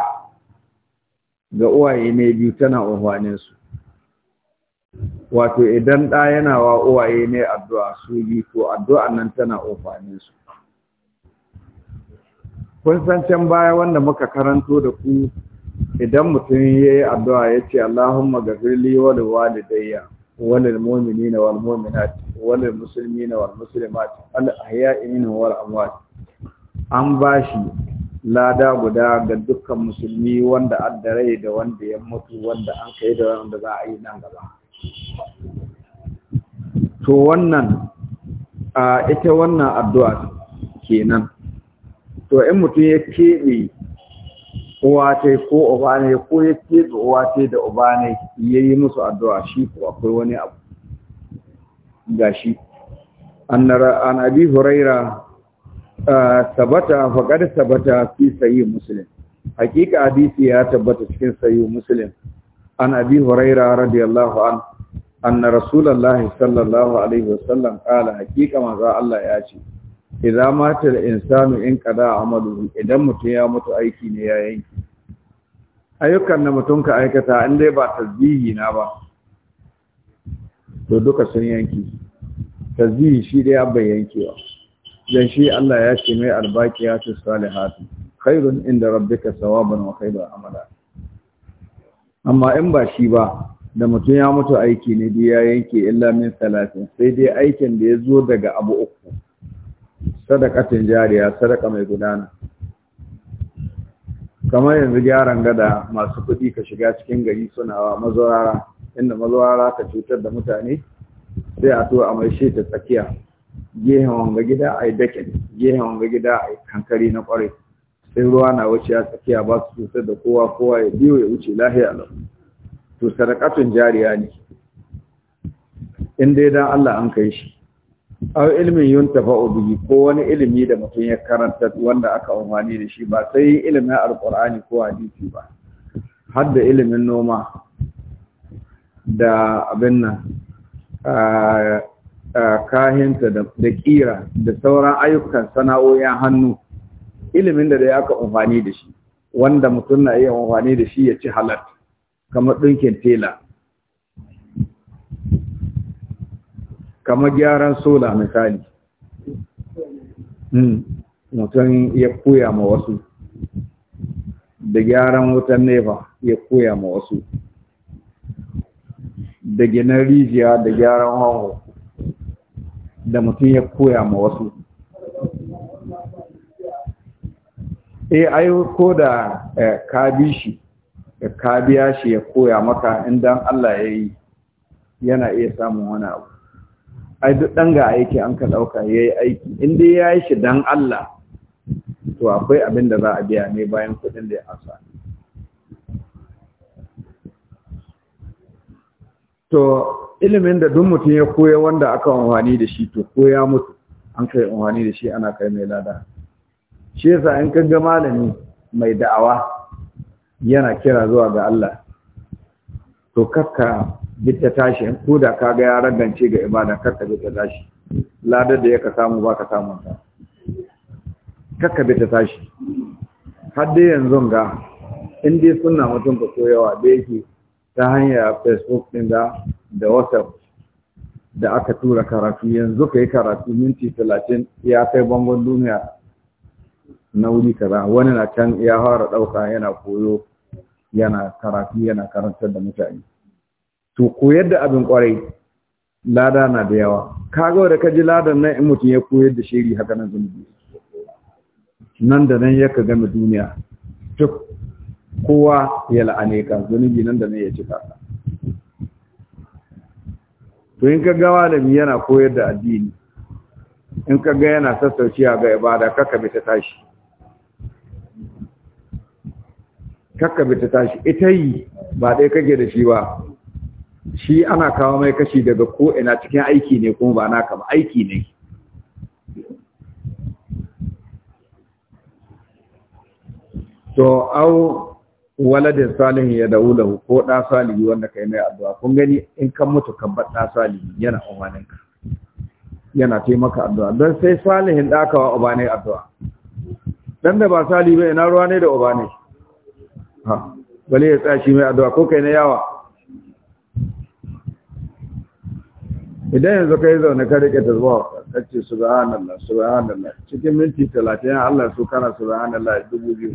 ga uwaye ne biyu tana umarnin wato idan ɗa yana wa uwaye ne addu'a su bi ko addu'a nan tana umarnin su kun san can baya wanda muka karanto da ku idan mutum ya yi addu'a ya ce Allahumma gafirli wani walidayya walil mu'minina wal mu'minat walil na wal muslimat al ahya'i minhum wani amwati an ba shi. lada guda ga dukkan musulmi wanda an da wanda ya mutu wanda an kai da wanda za a yi nan gaba to wannan a ita wannan addu'a kenan to in mutum ya keɓe uwa ta ko uba ne ko ya keɓe uwa ta da uba ne ya yi musu addu'a shi ko akwai wani abu gashi an abi huraira tabbata faqad tabbata fi sahih muslim haqiqa hadisi ya tabbata cikin sahih muslim an abi huraira radiyallahu an anna rasulullahi sallallahu alaihi wasallam qala ma za Allah ya ce idan mata insanu in qada amalu idan mutum ya mutu aiki ne ya yanki ayyukan da mutum ka aikata in dai ba tasbihi na ba to duka sun yanki tasbihi shi dai abban yankewa dan Allah ya ce mai albaqiyatu salihatu khairun inda rabbika sawaban wa khairun amala amma in ba shi ba da mutum ya mutu aiki ne da ya yanke illa min talatin sai dai aikin da ya zo daga abu uku sadakatin jariya sadaka mai gudana kamar yanzu gyaran gada masu kuɗi ka shiga cikin gari suna wa mazaurara inda mazaurara ka cutar da mutane sai a tuwa a mai ta tsakiya gehen wanga gida a yi dakin gehen wanga gida a yi kankari na kwarai sai ruwa na wuce a tsakiya ba su cutar da kowa kowa ya biyo ya wuce lahiya lau to sarakatun jariya ne in dai dan Allah an kai shi aw ilmin yuntafa'u bihi ko wani ilimi da mutum ya karanta wanda aka amfani da shi ba sai ilimin alqur'ani ko hadisi ba har da ilimin noma da abin nan ah, kahinta da kira da sauran ayyukan sana'o'in hannu ilimin da dai aka amfani da shi wanda mutum na iya amfani da shi ya ci halar kamar ɗinkin tela kamar gyaran sola misali hmm, mutum ya koya ma wasu da gyaran wutan nefa ya koya ma wasu da ginin rijiya da gyaran hango da mutum ya koya ma wasu eh ai ko da eh, ka bi shi eh, ka biya shi ya koya maka indan Allah ya yi yana iya samun wani abu ai duk ɗan ga aiki an ka ɗauka ya yi aiki inda ya yi shi dan Allah to akwai abin da za a biya ne bayan kuɗin da ya asa to ilimin da duk mutum ya koya wanda aka amfani da shi to koya mutu an kai amfani da shi ana kai mai lada shi yasa in ka ga malami mai da'awa yana kira zuwa ga Allah to kakka bitta tashi ko da ka ga ya ragance ga ibada kakka bitta tashi ladar da yaka samu ba ka ta kakka bitta tashi har dai yanzu ga in dai sunna mutum ka koyawa da yake ta hanyar facebook din da da wata da aka tura karatu yanzu ka yi karatu minti talatin ya kai bangon duniya na wuri kaza wani na can ya fara ɗauka yana koyo yana karatu yana karantar da mutane to koyar da abin kwarai lada na da yawa Ka ga da ka ji ladan nan in mutum ya koyar da shiri haka nan zunubi nan da nan ya ka gama duniya duk kowa ya la'ane ka zunubi nan da nan ya cika kasa to in ka ga malami yana koyar da addini in ka ga yana sassaucewa ga ibada kaka bi ta tashi kaka bi ta tashi ita yi ba dai kage da shi ba shi ana kawo mai kashi daga ko ina cikin aiki ne kuma ba naka ba aiki ne to au waladin salihu ya dawo hu, ko da salihu wanda kai mai addu'a kun gani in kan mutu kan bar ɗa salihu yana umarnin ka yana taimaka addu'a don sai salihin kawa ubanai addu'a dan da ba salihu ba ina ruwa ne da ubanai ha bale ya tsashi mai addu'a ko kai na yawa idan yanzu kai zaune ka rike ta zuwa kace subhanallah subhanallah cikin minti 30 Allah su kana subhanallah biyu.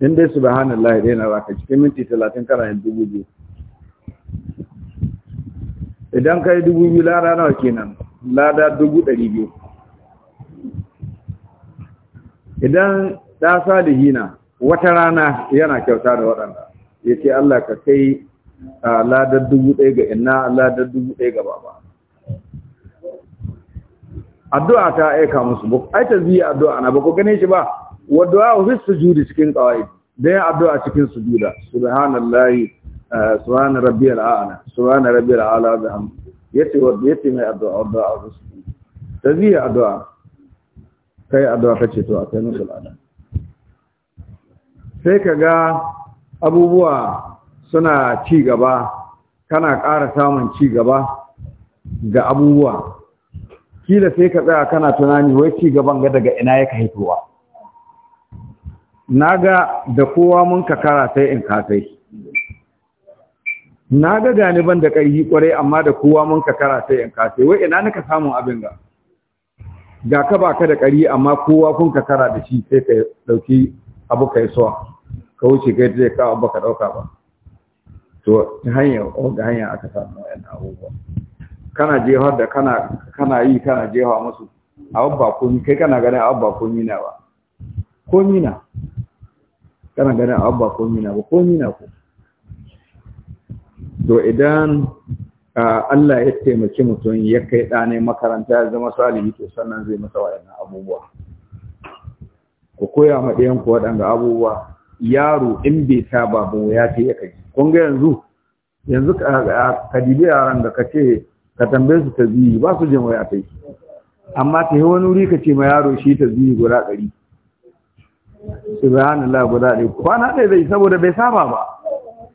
in dai subhanallahi dai na raka cikin minti 30 kana yin dubu biyu idan kai dubu biyu lada nawa kenan lada dubu ɗari biyu idan ɗa na, wata rana yana kyauta da waɗanda ya ce Allah ka kai a ladar dubu ɗaya ga ina ladar dubu ɗaya ga baba addu'a ta aika musu ba ai ta ziya addu'a na ba ku gane shi ba wa du'a fi sujudi cikin qawaid da ya addu'a cikin sujuda subhanallahi eh, subhana rabbiyal a'la subhana rabbiyal a'la da ham yace wa yace mai addu'a addu'a fi sujudi taziya addu'a kai addu'a kace to akai musu lada. sai kaga abubuwa suna ci gaba kana ƙara samun ci gaba ga abubuwa kila sai ka tsaya kana tunani wai ci gaban ga daga ina yake haifowa na ga da kowa mun kakara sai in kasai na ga ganiban da ƙarfi ƙwarai amma da kowa mun kakara sai in kasai wai ina nuka samun abin ga ga ka ba ka da ƙari amma kowa kun kakara da shi sai ka ɗauki abu ka yi suwa ka wuce ka zai ka abu ka ɗauka ba to ta hanyar ga hanyar aka samu wa'yan abubuwa kana jehar da kana yi kana jefa musu a babba kun kai kana ganin a babba kun yi na ba yi na kana ganin abba ko na ba ko na ko to idan Allah ya taimaki mutum ya kai ɗanai makaranta ya zama salihi to sannan zai masa waɗannan abubuwa ku koya ma ɗayanku waɗanda abubuwa yaro in bai ta babu ya ce ya kai kun ga yanzu yanzu ka dibi yaran da ka ce ka tambaye su ta ziyi ba su jin waya ta yi amma ta yi wani wuri ka ce ma yaro shi ta ziyi guda ɗari subhanallah guda ɗaya kwana ɗaya zai saboda bai saba ba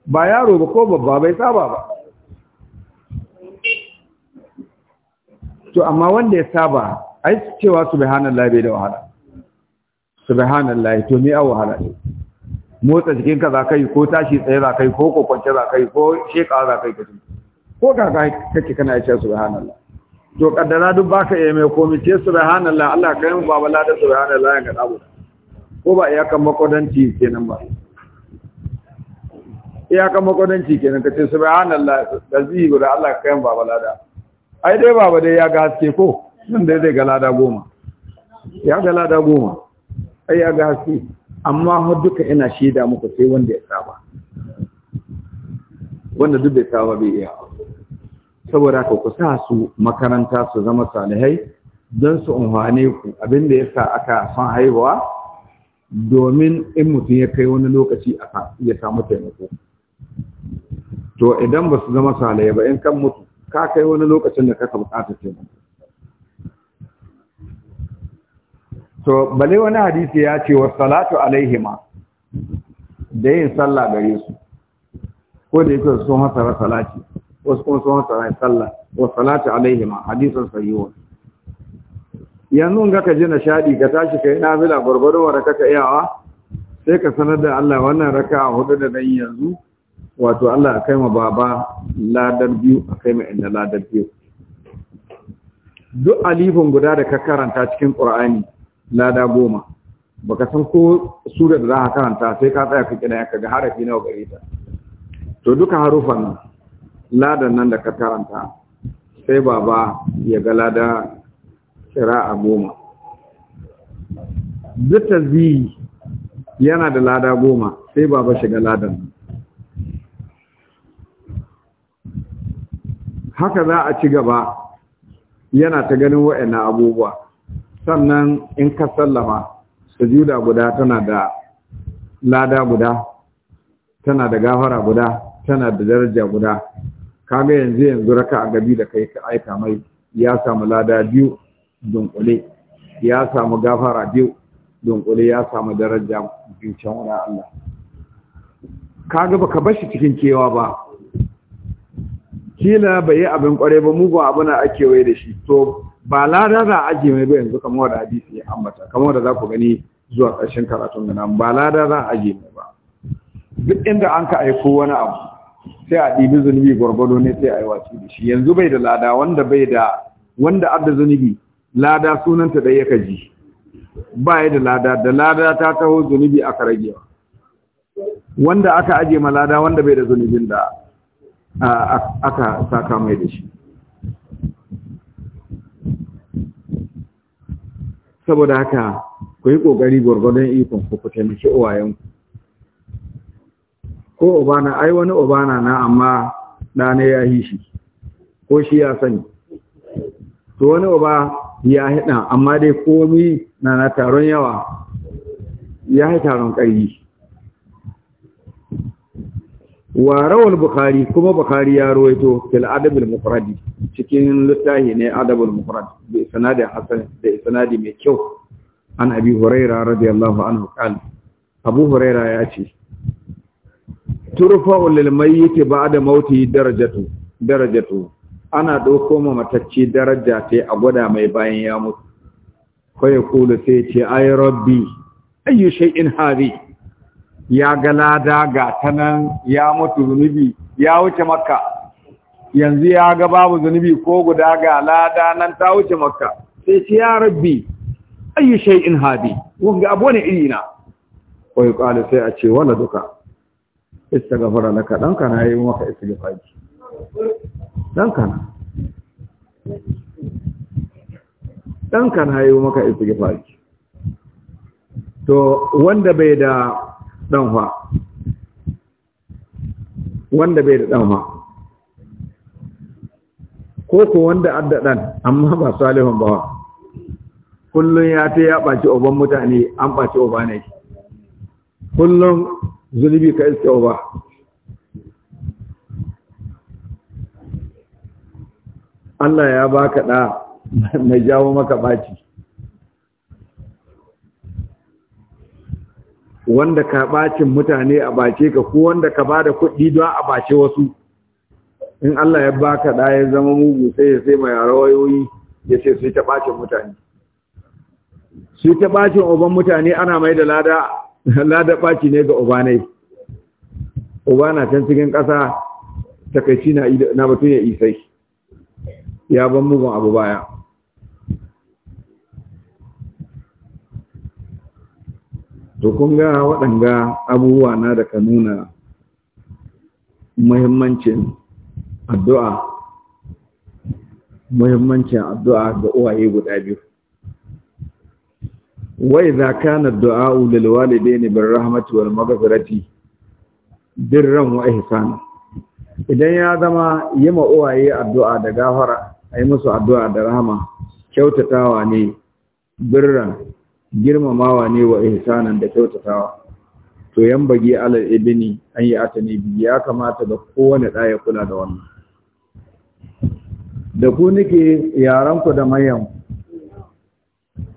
ba yaro ba ko babba bai saba ba to amma wanda ya saba ai cewa subhanallah bai da wahala subhanallah to me a wahala ne motsa jikin ka za kai ko tashi tsaye za kai ko kokwance za kai ko sheka za kai kaji ko kaka kake kana cewa subhanallah to kaddara duk baka iya mai komai ce subhanallah Allah kai mu baba ladan subhanallah ya ga dabo ko ba iyakan makwadanci kenan ba iyakan makwadanci kenan ce subhanallah zihi da Allah kayan baba lada ai dai baba dai ya ga haske ko nan dai dai ga lada goma ya ga lada goma ai ya ga haske amma har duka ina shaida muku sai wanda ya saba wanda duk bai saba bai iya saboda ka kusa su makaranta su zama salihai don su unhane ku abinda sa aka son haihuwa domin in mutum ya kai wani lokaci ya samu taimako to idan ba su zama salaye ba in kan mutu ka kai wani lokacin da kaka bukatar taimako to bale wani hadisi ya ce wa salatu alaihima da yin sallah gare su ko da yake sun hasara salati wasu kuma sun hasara sallah wa salatu alaihima hadisin sahihun yanzu ga ka ji nishaɗi ka tashi kai nafila gwargwado wa raka ka iyawa sai ka sanar da Allah wannan raka hudu da dan yanzu wato Allah akai ma baba ladar biyu akai ma inda ladar biyu duk alifin guda da ka karanta cikin Qur'ani lada goma baka san ko sura da za ka karanta sai ka tsaya ka kina ka ga harafi nawa gare ta to duka harufan ladan nan da ka karanta sai baba ya ga lada kira a goma Zita zi yana da lada goma sai ba ba shiga ladan haka za a ci gaba yana ta ganin wa'annan abubuwa sannan in ka sallama sujuda guda tana da lada guda tana da gafara guda tana da daraja guda kaga yanzu yanzu raka a gabi da kai ka aika mai ya samu lada biyu dunkule ya samu gafara biyu dunkule ya samu daraja biyu can wani Allah kaga baka bar shi cikin kewa ba kila bai yi abin kware ba mugu abu na ake waye da shi to ba lada za a aje mai ba yanzu kamar da hadisi ya ambata kamar da za ku gani zuwa ƙarshen karatun da nan ba lada za a aje mai ba duk inda an ka aiko wani abu sai a ɗibi zunubi gwargwado ne sai a yi watsi da shi yanzu bai da lada wanda bai da wanda adda zunubi lada sunanta da yaka ji ba ya da lada da lada ta taho zunubi aka karagewa wanda aka aje ma lada wanda bai da zunubin da aka saka mai da shi saboda haka ku yi ƙoƙari gwargwadon ikon ku taimaki ku. ko obana ai wani obana na amma ɗana ya yi shi ko shi ya sani to wani oba ya haɗa amma dai komi na na taron yawa ya haɗa taron ƙari wa rawar bukari kuma bukari ya rawaito fil adabul mufradi cikin littafi ne adabul mufrad da sanadi hasan da sanadi mai kyau an abi huraira radiyallahu anhu qala abu huraira ya ce turfa'u lil mayyit ba'da mauti darajatu darajatu ana ɗauko ma matacci daraja ta a gwada mai bayan ya mutu kawai kula sai ce ai rabbi ayyu shay'in hadi ya ga lada ga tanan ya mutu zunubi ya wuce makka yanzu ya ga babu zunubi ko guda ga lada nan ta wuce makka sai ce ya rabbi ayyu shay'in hadi wanga abu ne iri na kawai kula sai a ce wala duka istighfara laka kaɗanka na yi maka istighfari ɗanka ɗanka na yi maka istighfari to wanda bai da ɗanfa wanda bai da ɗanfa ko ko wanda adda ɗan amma ba salihun ba kullum ya ta ya ɓaci oban mutane an ɓaci oba ne kullum Zulubi ka iske oba Allah ya baka ɗa mai jawo maka ɓaci wanda ka ɓacin mutane a bace ka ko wanda ka ba da kuɗi don a ɓace wasu in Allah ya baka ɗa ya zama mugu sai ya sai mai rawayoyi ya ce su ta ɓacin mutane su ta ɓacin uban mutane ana mai da lada lada ɓaci ne ga ubanai na can cikin ƙasa takaici na batun ya isai ya ban mugun abu baya to kun ga waɗanga abubuwa na da ka nuna muhimmancin addu'a muhimmancin addu'a ga uwaye guda biyu wai za ka na du'a'u da ne bin rahmatu wal magafirati birran wa idan ya zama yi ma uwaye addu'a da gafara a yi musu addu'a da rahama kyautatawa ne birran girmamawa ne wa ihsanan da kyautatawa to yan bagi alal ibini an yi atani biyu ya kamata da kowane ɗaya kula da wannan da ku nake yarenku da mayan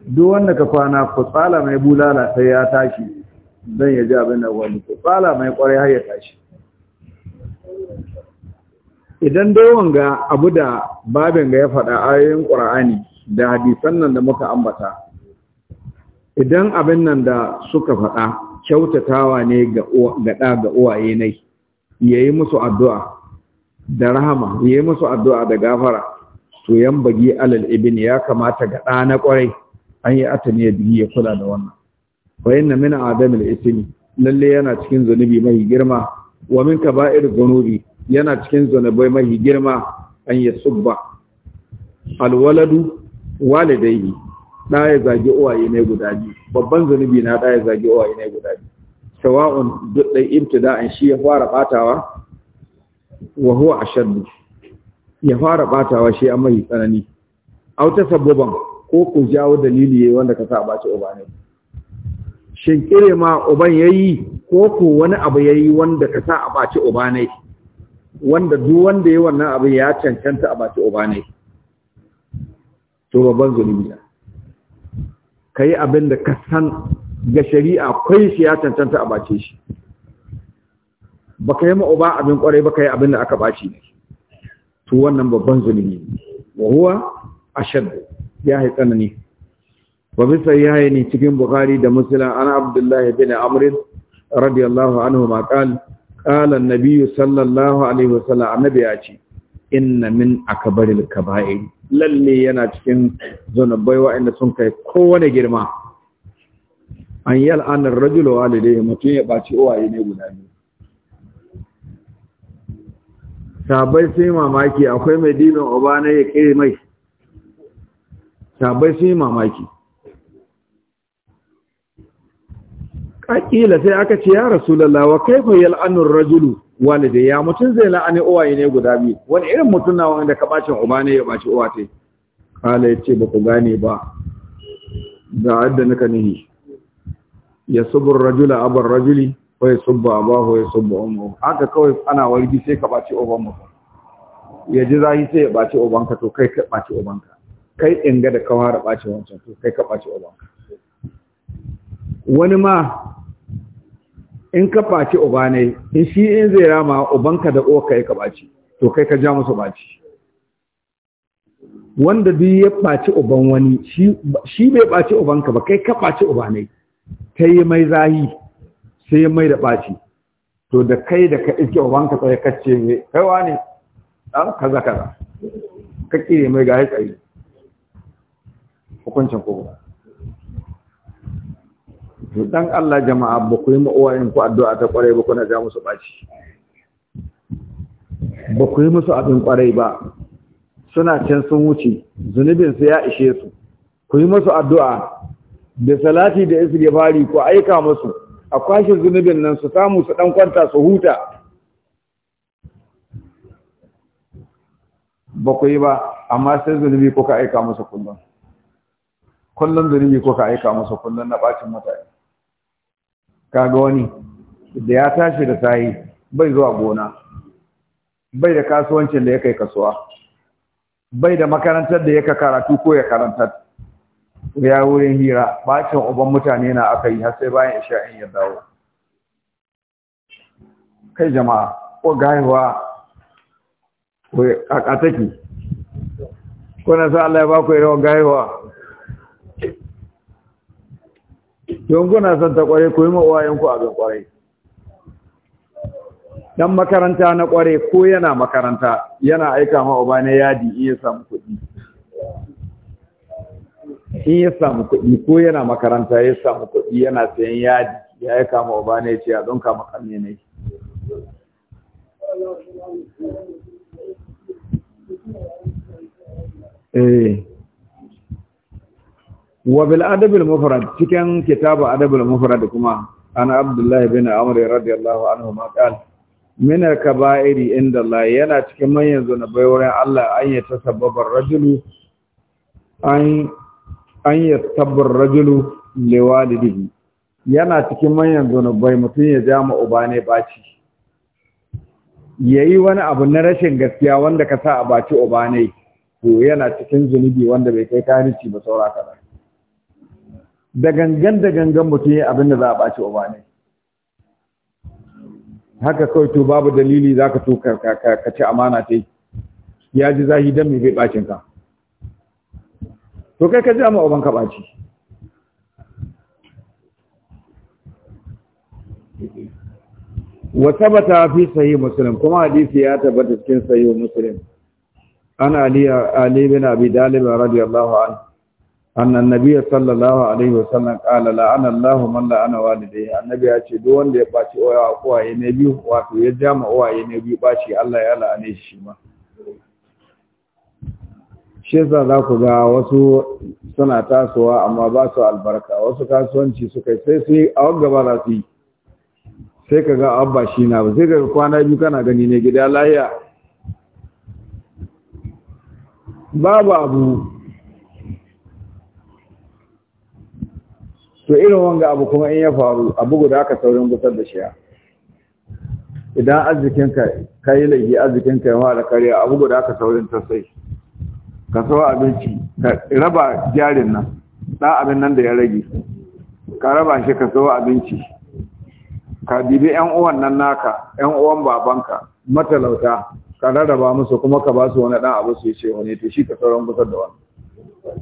duk wanda ka kwana ku tsala mai bulala sai ya tashi zan ya ji abin da wani ku tsala mai kwarai har ya tashi idan dai wanga abu da babin ga ya faɗa ayoyin ƙur'ani da hadisan nan da muka ambata idan abin nan da suka faɗa kyautatawa ne ga ɗa ga uwaye ne ya yi musu addu'a da rahama ya yi musu addu'a da gafara to yan bagi alal ibini ya kamata ga ɗa na ƙwarai an yi atani ya biyi ya kula da wannan bayan na mina adamul ismi lalle yana cikin zunubi mai girma wa min kaba'ir zunubi yana cikin zunubai mahi girma an yi tsubba alwaladu walidai da ya zagi uwaye ne guda biyu babban zunubi na da ya zagi uwaye ne guda biyu sawa'un duk dai ibtida'an shi ya fara batawa wa huwa ashaddu ya fara batawa shi amma yi tsanani aw ta sabbaban ko ku jawo dalili yayi wanda ka sa a ci uba ne shin kire ma uban yayi ko ko wani abu yayi wanda ka sa a baci uba ne wanda duk wanda ya wannan abin ya cancanta a baki uba ne to babban zunubi ne ka yi abin da ka san ga shari'a kai shi ya cancanta a bace shi ba ka yi uba abin kwarai ba ka yi abin da aka baci ne to wannan babban zunubi ne wa huwa ashad ya yi tsanani wa bisa ya yi ne cikin bukhari da musulun an abdullahi bin amrin radiyallahu anhu ma qala qala an-nabiy sallallahu alaihi wasallam annabi ya ce inna min akbaril kaba'ir lalle yana cikin zunubai waɗanda sun kai kowane girma an yi al'anar rajulu walidai mutum ya ɓaci uwaye ne guda biyu sabai sun yi mamaki akwai mai dibin uba ne ya kere mai sabai sun yi mamaki ƙaƙila sai aka ce ya rasulallah wa kai fa yal'anur rajulu walida ya mutum zai la'ani uwaye ne guda biyu wani irin mutum na wanda ka bacin uba ne ya baci uwa tai kala ya ce ba ku gane ba ga adda nika nihi ya subur rajula abar rajuli ko ya subba abahu ya subba ummu haka kawai ana wargi sai ka ɓaci uban mu ya ji zahi sai ya baci ubanka to kai ka baci ubanka kai inga da kawara baci wancan to kai ka baci ubanka wani ma in ka faci uba ne in shi in zai rama ubanka da ƙoƙa ya ka ɓaci to kai ka ja musu ɓaci wanda duk ya faci uban wani shi bai ɓaci ubanka ba kai ka faci uba ne ta yi mai zahi sai ya mai da ɓaci to da kai da ka iske ubanka tsaye kacce ne wa ne ɗan kaza kaza ka ƙire mai ga tsaye hukuncin kogon. to dan Allah jama'a ba ku yi ma'uwayen ku addu'a ta kwarai ba ku na ja musu baci ba ku yi musu abin kwarai ba suna can sun wuce zunubin su ya ishe su ku yi musu addu'a da salati da istighfari ku aika musu a kwashe zunubin nan su samu su dan kwanta su huta ba ku yi ba amma sai zunubi ka aika musu kullum kullum zunubi ka aika musu kullum na bacin mutane kaga wani da ya tashi da sayi bai zuwa gona bai da kasuwancin da ya kai kasuwa bai da makarantar da ya ka karatu ko ya karantar ya wurin hira bacin uban mutane na aka yi har sai bayan in ya dawo kai jama'a ko gaiwa ko a take kuna sa Allah ya ba ku irin gaiwa don kuna son ta kware ku yi ma'uwayenku abin kware dan makaranta na kware ko yana makaranta yana aika ma uba ne yadi in ya samu kuɗi in ya samu kuɗi ko yana makaranta ya samu kuɗi yana sayan yadi ya aika ma uba ne ce a ɗonka makarne ne eh wa bil adab mufrad cikin kitabu adab al mufrad kuma ana abdullahi bin amr radiyallahu anhu ma qala min al kaba'iri inda Allah yana cikin manyan zunubai wurin Allah an ya tasabbabar rajulu an an ya tabbar rajulu walidihi yana cikin manyan zunubai mutum ya ja ma uba ne baci yayi wani abu na rashin gaskiya wanda ka sa a baci uba ne to yana cikin zunubi wanda bai kai kanici ba saura kaza da gangan da gangan mutum ya abin da za a ɓaci uba ne haka kawai to babu dalili za ka to ka ci amana yi. ya ji zahi don mai bai ka to kai ka ji amma uban ka ɓaci wa ta fi sahih muslim kuma hadisi ya tabbata cikin sahih muslim an ali ali bin abi dalib radiyallahu anhu أن sallallahu alaihi الله qala la ana لعن man la ana والديه annabi ya ce duk wanda ya baci uwaye ne biyu wato ya jama uwaye ne biyu baci Allah ya la'ane shi ma shi za za ku ga wasu suna tasowa amma ba su albarka wasu kasuwanci suka yi sai sai a wanga ba za su yi sai ka ga abba shi na ba sai ka ga kwana biyu kana gani ne gida lahiya babu abu to irin wanga abu kuma in ya faru abu guda ka saurin gusar da shi idan arzikinka ka yi laifi arzikinka ya fara karya abu guda ka saurin tasai ka sau abinci ka raba jarin nan ɗan abin nan da ya rage ka raba shi ka sau abinci ka bibi yan uwan nan naka yan uwan babanka matalauta ka rarraba musu kuma ka ba su wani ɗan abu su yi ce wani to shi ka sauran gusar da wani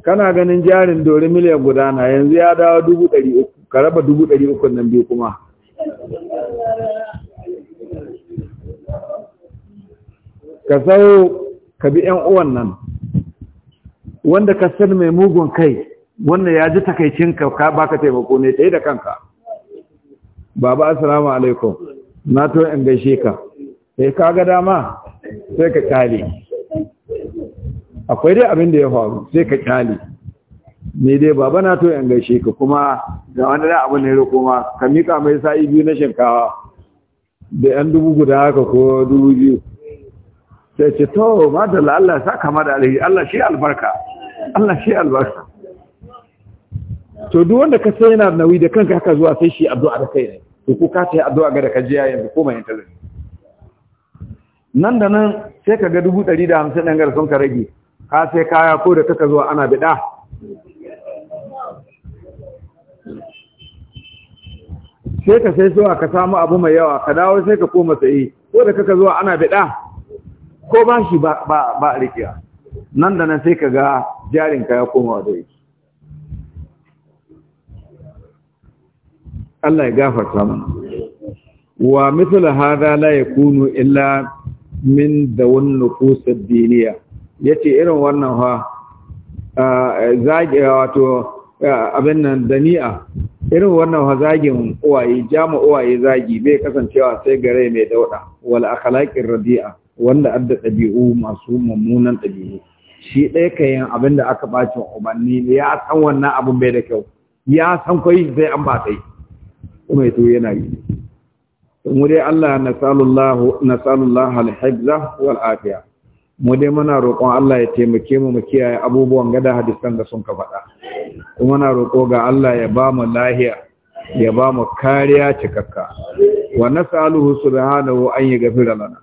kana ganin jarin dori miliyan guda na yanzu ya dawo dubu ɗari uku ka raba dubu ɗari uku nan biyu kuma ka sau ka bi ‘yan uwan nan wanda ka san mai mugun kai wanda ya ji takaicin ka ka baka taimako ne ɗaya da kanka baba assalamu alaikum na to in gaishe ka sai ka ga dama sai ka kare akwai dai abin da ya faru sai ka kyale ne dai baba na to yan gaishe ka kuma ga wani da abu ne roko ma ka mika mai sa'i biyu na shinkawa da yan dubu guda haka ko dubu biyu sai ce to da Allah sa kama mada alheri Allah shi albarka Allah shi albarka to duk wanda ka sai yana nauyi da kanka haka zuwa sai shi addu'a da kai ne to ko ka ta addu'a ga da ka je yanzu ko yin talabi nan da nan sai ka ga dubu ɗari da hamsin ɗan garsun ka rage ka sai kaya ko da kaka zuwa ana bida sai ka sai zuwa ka samu abu mai yawa ka dawo sai ka koma sai ko da kaka zuwa ana bida ko ba shi ba ba rikiya nan da nan sai ka ga jarin ka ya koma da yake Allah ya gafarta mana wa mithla hadha la yakunu illa min dawn nufus ad-diniyah ya ce irin wannan ha zage wato abin nan dani'a irin wannan ha zagin uwaye jama uwaye zagi bai kasancewa sai gare mai dauda wal akhlaqir radi'a wanda adda dabi'u masu mummunan dabi'u shi ɗaya kayan abin da aka bacin ubanni ya san wannan abin bai da kyau ya san kai sai an ba sai kuma yato yana yi mu dai Allah nasallallahu nasallallahu al wal afiya mu dai muna roƙon Allah ya taimake mu mu kiyaye abubuwan gada hadisan da sun ka faɗa kuma na roƙo ga Allah ya ba mu lahiya ya ba mu kariya cikakka wa nas'aluhu subhanahu an yaghfira lana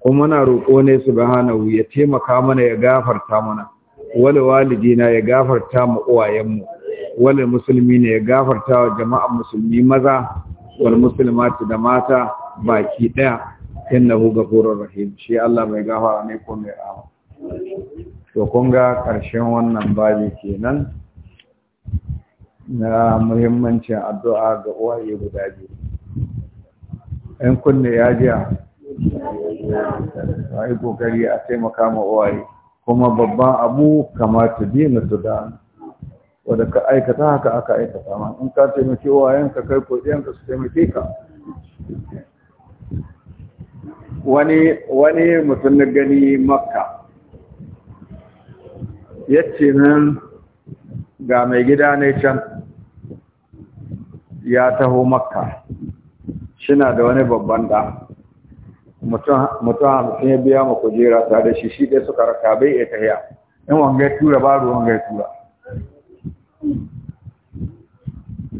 kuma na roƙo ne subhanahu ya taimaka mana ya gafarta mana wal walidina ya gafarta mu uwayenmu wal ne ya gafarta jama'an musulmi maza wal muslimati da mata baki daya innahu ghafurur rahim shi Allah mai gafara ne ko mai rahama to kun ga karshen wannan babi kenan na muhimmancin addu'a ga uwaye guda biyu ɗan kunne ya jiya a yi ƙoƙari a taimaka ma uwaye kuma babban abu kamata dina ta da wadda ka aikata haka aka aikata ma in ka taimaki uwayenka kai ko ɗiyanka su taimake ka wani wani mutum na gani makka ce nan ga mai gida ne can ya taho makka shina da wani babban da mutum hamsin ya biya ma kujera ta da shi shi ɗaya suka raka bai iya tahiya in wanga ya tura ba ruwan ya tura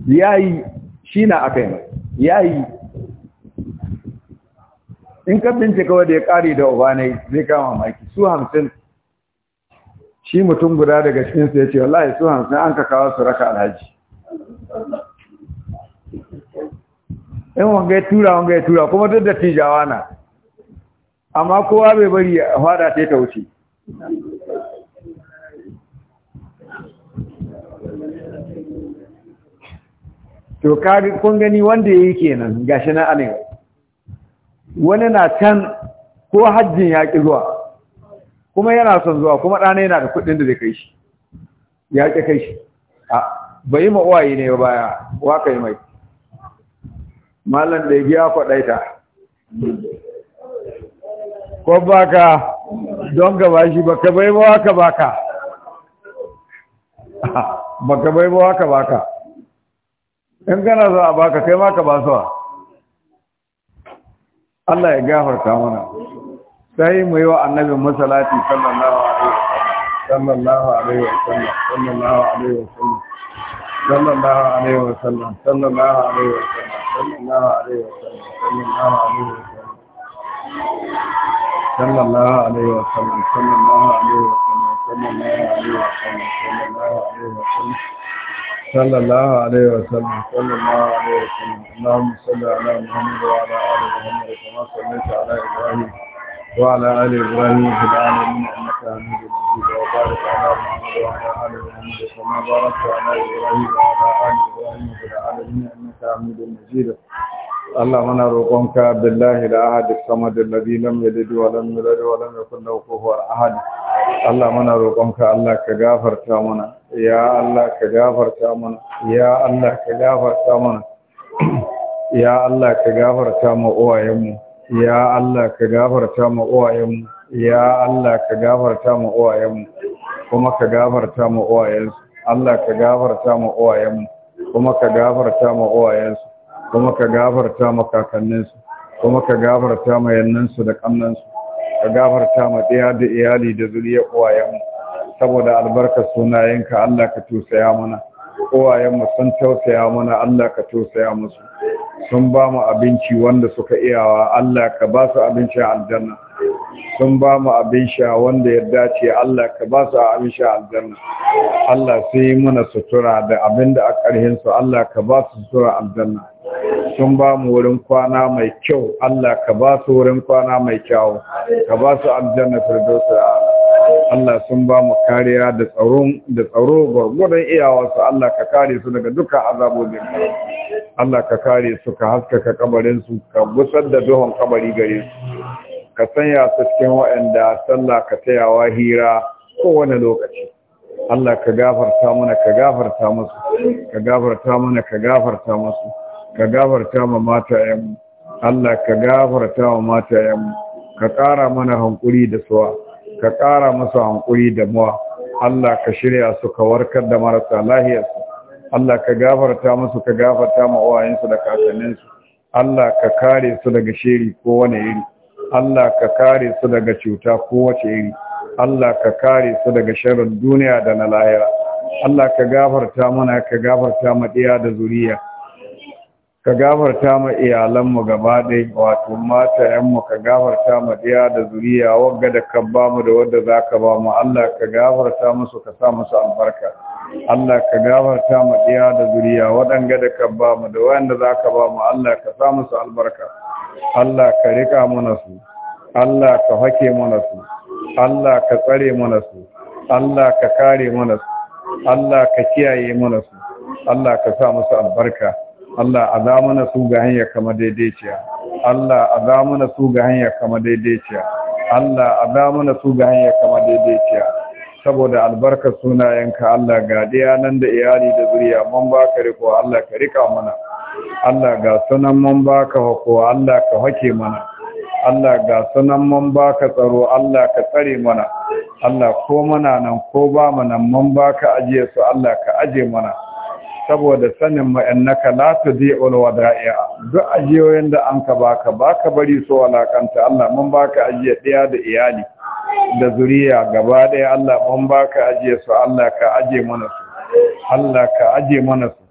ya yi shi na aka yi ya yi in ka kawai wanda ya kare da uba ne zai kama maki su hamsin shi mutum guda daga cikinsu ya ce wallahi su hamsin an ka kawo su raka alhaji in wanga ya tura wanga ya tura kuma duk da tijawa na amma kowa bai bari hada ta ta wuce to kun gani wanda ya yi kenan gashi na anewa wani na can ko hajjin ya ƙi zuwa kuma yana son zuwa kuma ɗana yana da kuɗin da zai kai shi ya ƙi kai shi a bai ma uwaye ne ba baya waka yi mai malam da ya kwaɗai ta ko baka don gaba shi baka bai ba waka <laughs> baka baka bai ba waka baka in kana zo baka kai ma ka ba suwa Allah ya gafarta mana sai mu yi wa annabi masalati sallallahu alaihi sallallahu alaihi wasallam sallallahu alaihi wasallam sallallahu alaihi wasallam sallallahu alaihi wasallam sallallahu alaihi wasallam sallallahu alaihi wasallam sallallahu alaihi wasallam sallallahu alaihi wasallam sallallahu alaihi wasallam sallallahu alaihi wa sallam sallallahu alaihi wa sallam Allahumma salli ala Muhammad wa ala ali Muhammad kama sallaita ala Ibrahim wa ala ali Ibrahim fil alamin innaka Hamidum Majid da barik ala Muhammad wa ala ali Muhammad kama barakta ala Ibrahim wa ala ali Ibrahim fil alamin innaka Hamidum Majid اللهم نرقمك بالله الأحد الصمد الذي لم يلد ولم يولد ولم يكن له كفوا أحد اللهم نرقمك الله كغافر تامنا يا الله كغافر تامنا يا الله كغافر تامنا يا الله كغافر تام أوائمنا ya Allah ka gafarta mu uwayenmu ya Allah ka gafarta mu uwayenmu kuma ka gafarta mu uwayensu Allah ka gafarta mu uwayenmu kuma ka gafarta mu uwayensu kuma ka gafarta ma kakanninsu kuma ka gafarta ma yannansu da kannansu ka gafarta ma ɗaya da iyali da zuriya uwayenmu saboda albarkar sunayenka Allah ka tusaya mana uwayenmu sun tausaya mana Allah ka tausaya musu sun ba mu abinci wanda suka iyawa Allah ka ba su abinci a aljanna sun ba mu abin sha wanda ya dace Allah ka ba su abin sha aljanna Allah sai mana sutura da abin da a ƙarhinsu Allah ka ba su sutura aljanna sun ba mu wurin kwana mai kyau Allah ka ba su wurin kwana mai kyau ka ba su aljanna firdausa Allah sun ba mu kariya da tsaro da tsaro gurgurdan iyawarsu Allah ka kare su daga dukkan azabobin Allah ka kare su ka haskaka kabarin su ka gusar da duhun kabari gare su ka sanya su cikin wa'anda sallah ka tayawa hira kowane lokaci Allah ka gafarta mana ka gafarta musu ka gafarta mana ka gafarta musu ka gafarta ma mata matayenmu Allah ka gafarta ma mata matayenmu ka ƙara mana hankuri da suwa ka ƙara musu hankuri da muwa Allah ka shirya su ka warkar da marasa lahiyarsu Allah ka gafarta musu ka gafarta ma uwayensu da kakanninsu Allah ka kare su daga shiri ko wani iri Allah ka kare su daga cuta ko wace iri Allah ka kare su daga sharrin duniya da na lahira Allah ka gafarta mana ka gafarta ma ɗiya da zuriya ka gafarta ma iyalanmu gaba ɗai wato matayenmu ka gafarta ma ɗaya da zuriya wagga da kan ba mu da wadda za ka ba mu Allah ka gafarta musu ka sa musu albarka Allah ka gafarta ma ɗaya da zuriya waɗanga da kan ba mu da wanda za ka ba mu Allah ka sa musu albarka Allah ka riƙa mana su Allah ka hake mana su Allah ka tsare mana su Allah ka kare mana su Allah ka kiyaye mana su Allah ka sa musu albarka Allah a za su ga hanyar kama daidaiciya Allah a za su ga hanyar kama daidaiciya Allah a za su ga hanyar kama daidaiciya saboda albarkar sunayenka Allah ga diya nan da iyali da zuriya mun baka riko Allah ka rika mana Allah ga sunan mun baka hako Allah ka hake mana Allah ga sunan mun baka tsaro Allah ka tsare mana Allah ko mana nan ko ba mana mun baka ajiye su Allah ka aje mana saboda sanin ma'annaka la zai wada'i'a duk ajiyoyin da an ka baka baka bari so alakanta Allah mun baka ajiye daya da iyali da zuriya gaba ɗaya. Allah mun baka ajiya su Allah ka aje mana su Allah ka aje mana su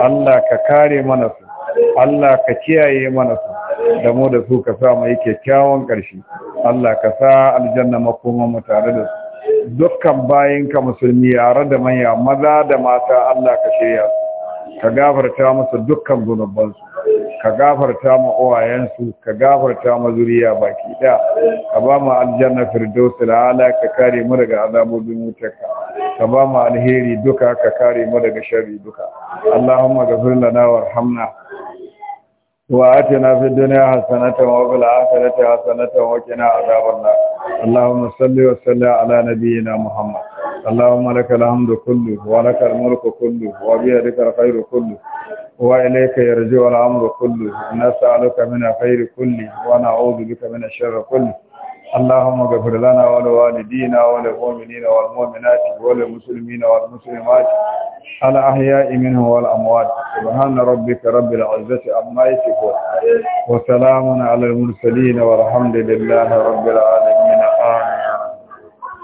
Allah ka kare mana su Allah ka kiyaye mana su da mu da su ka sa mu yi kyakkyawan ƙarshe Allah ka sa aljanna makoma mu tare da su dukkan bayinka musulmi yare da manya maza da mata Allah ka shirya su ka gafarta musu dukkan zunubansu ka gafarta ma uwayensu ka gafarta ma zuriya baki da ka ba mu aljanna firdausi da ala ka kare mu daga azabobin wutarka ka ba mu alheri duka ka kare mu daga sharri duka allahumma ghfir lana warhamna وآتنا في الدنيا حسنة وفي الآخرة حسنة وقنا عذاب النار اللهم صل وسلم على نبينا محمد اللهم لك الحمد كله ولك الملك كله وبيدك الخير كله وإليك يرجع الأمر كله نسألك من الخير كله ونعوذ بك من الشر كله اللهم اغفر لنا ولوالدينا وللمؤمنين والمؤمنات وللمسلمين والمسلمات الأحياء منهم والأموات سبحان ربك رب العزة عما يصفون وسلام على المرسلين والحمد لله رب العالمين آمين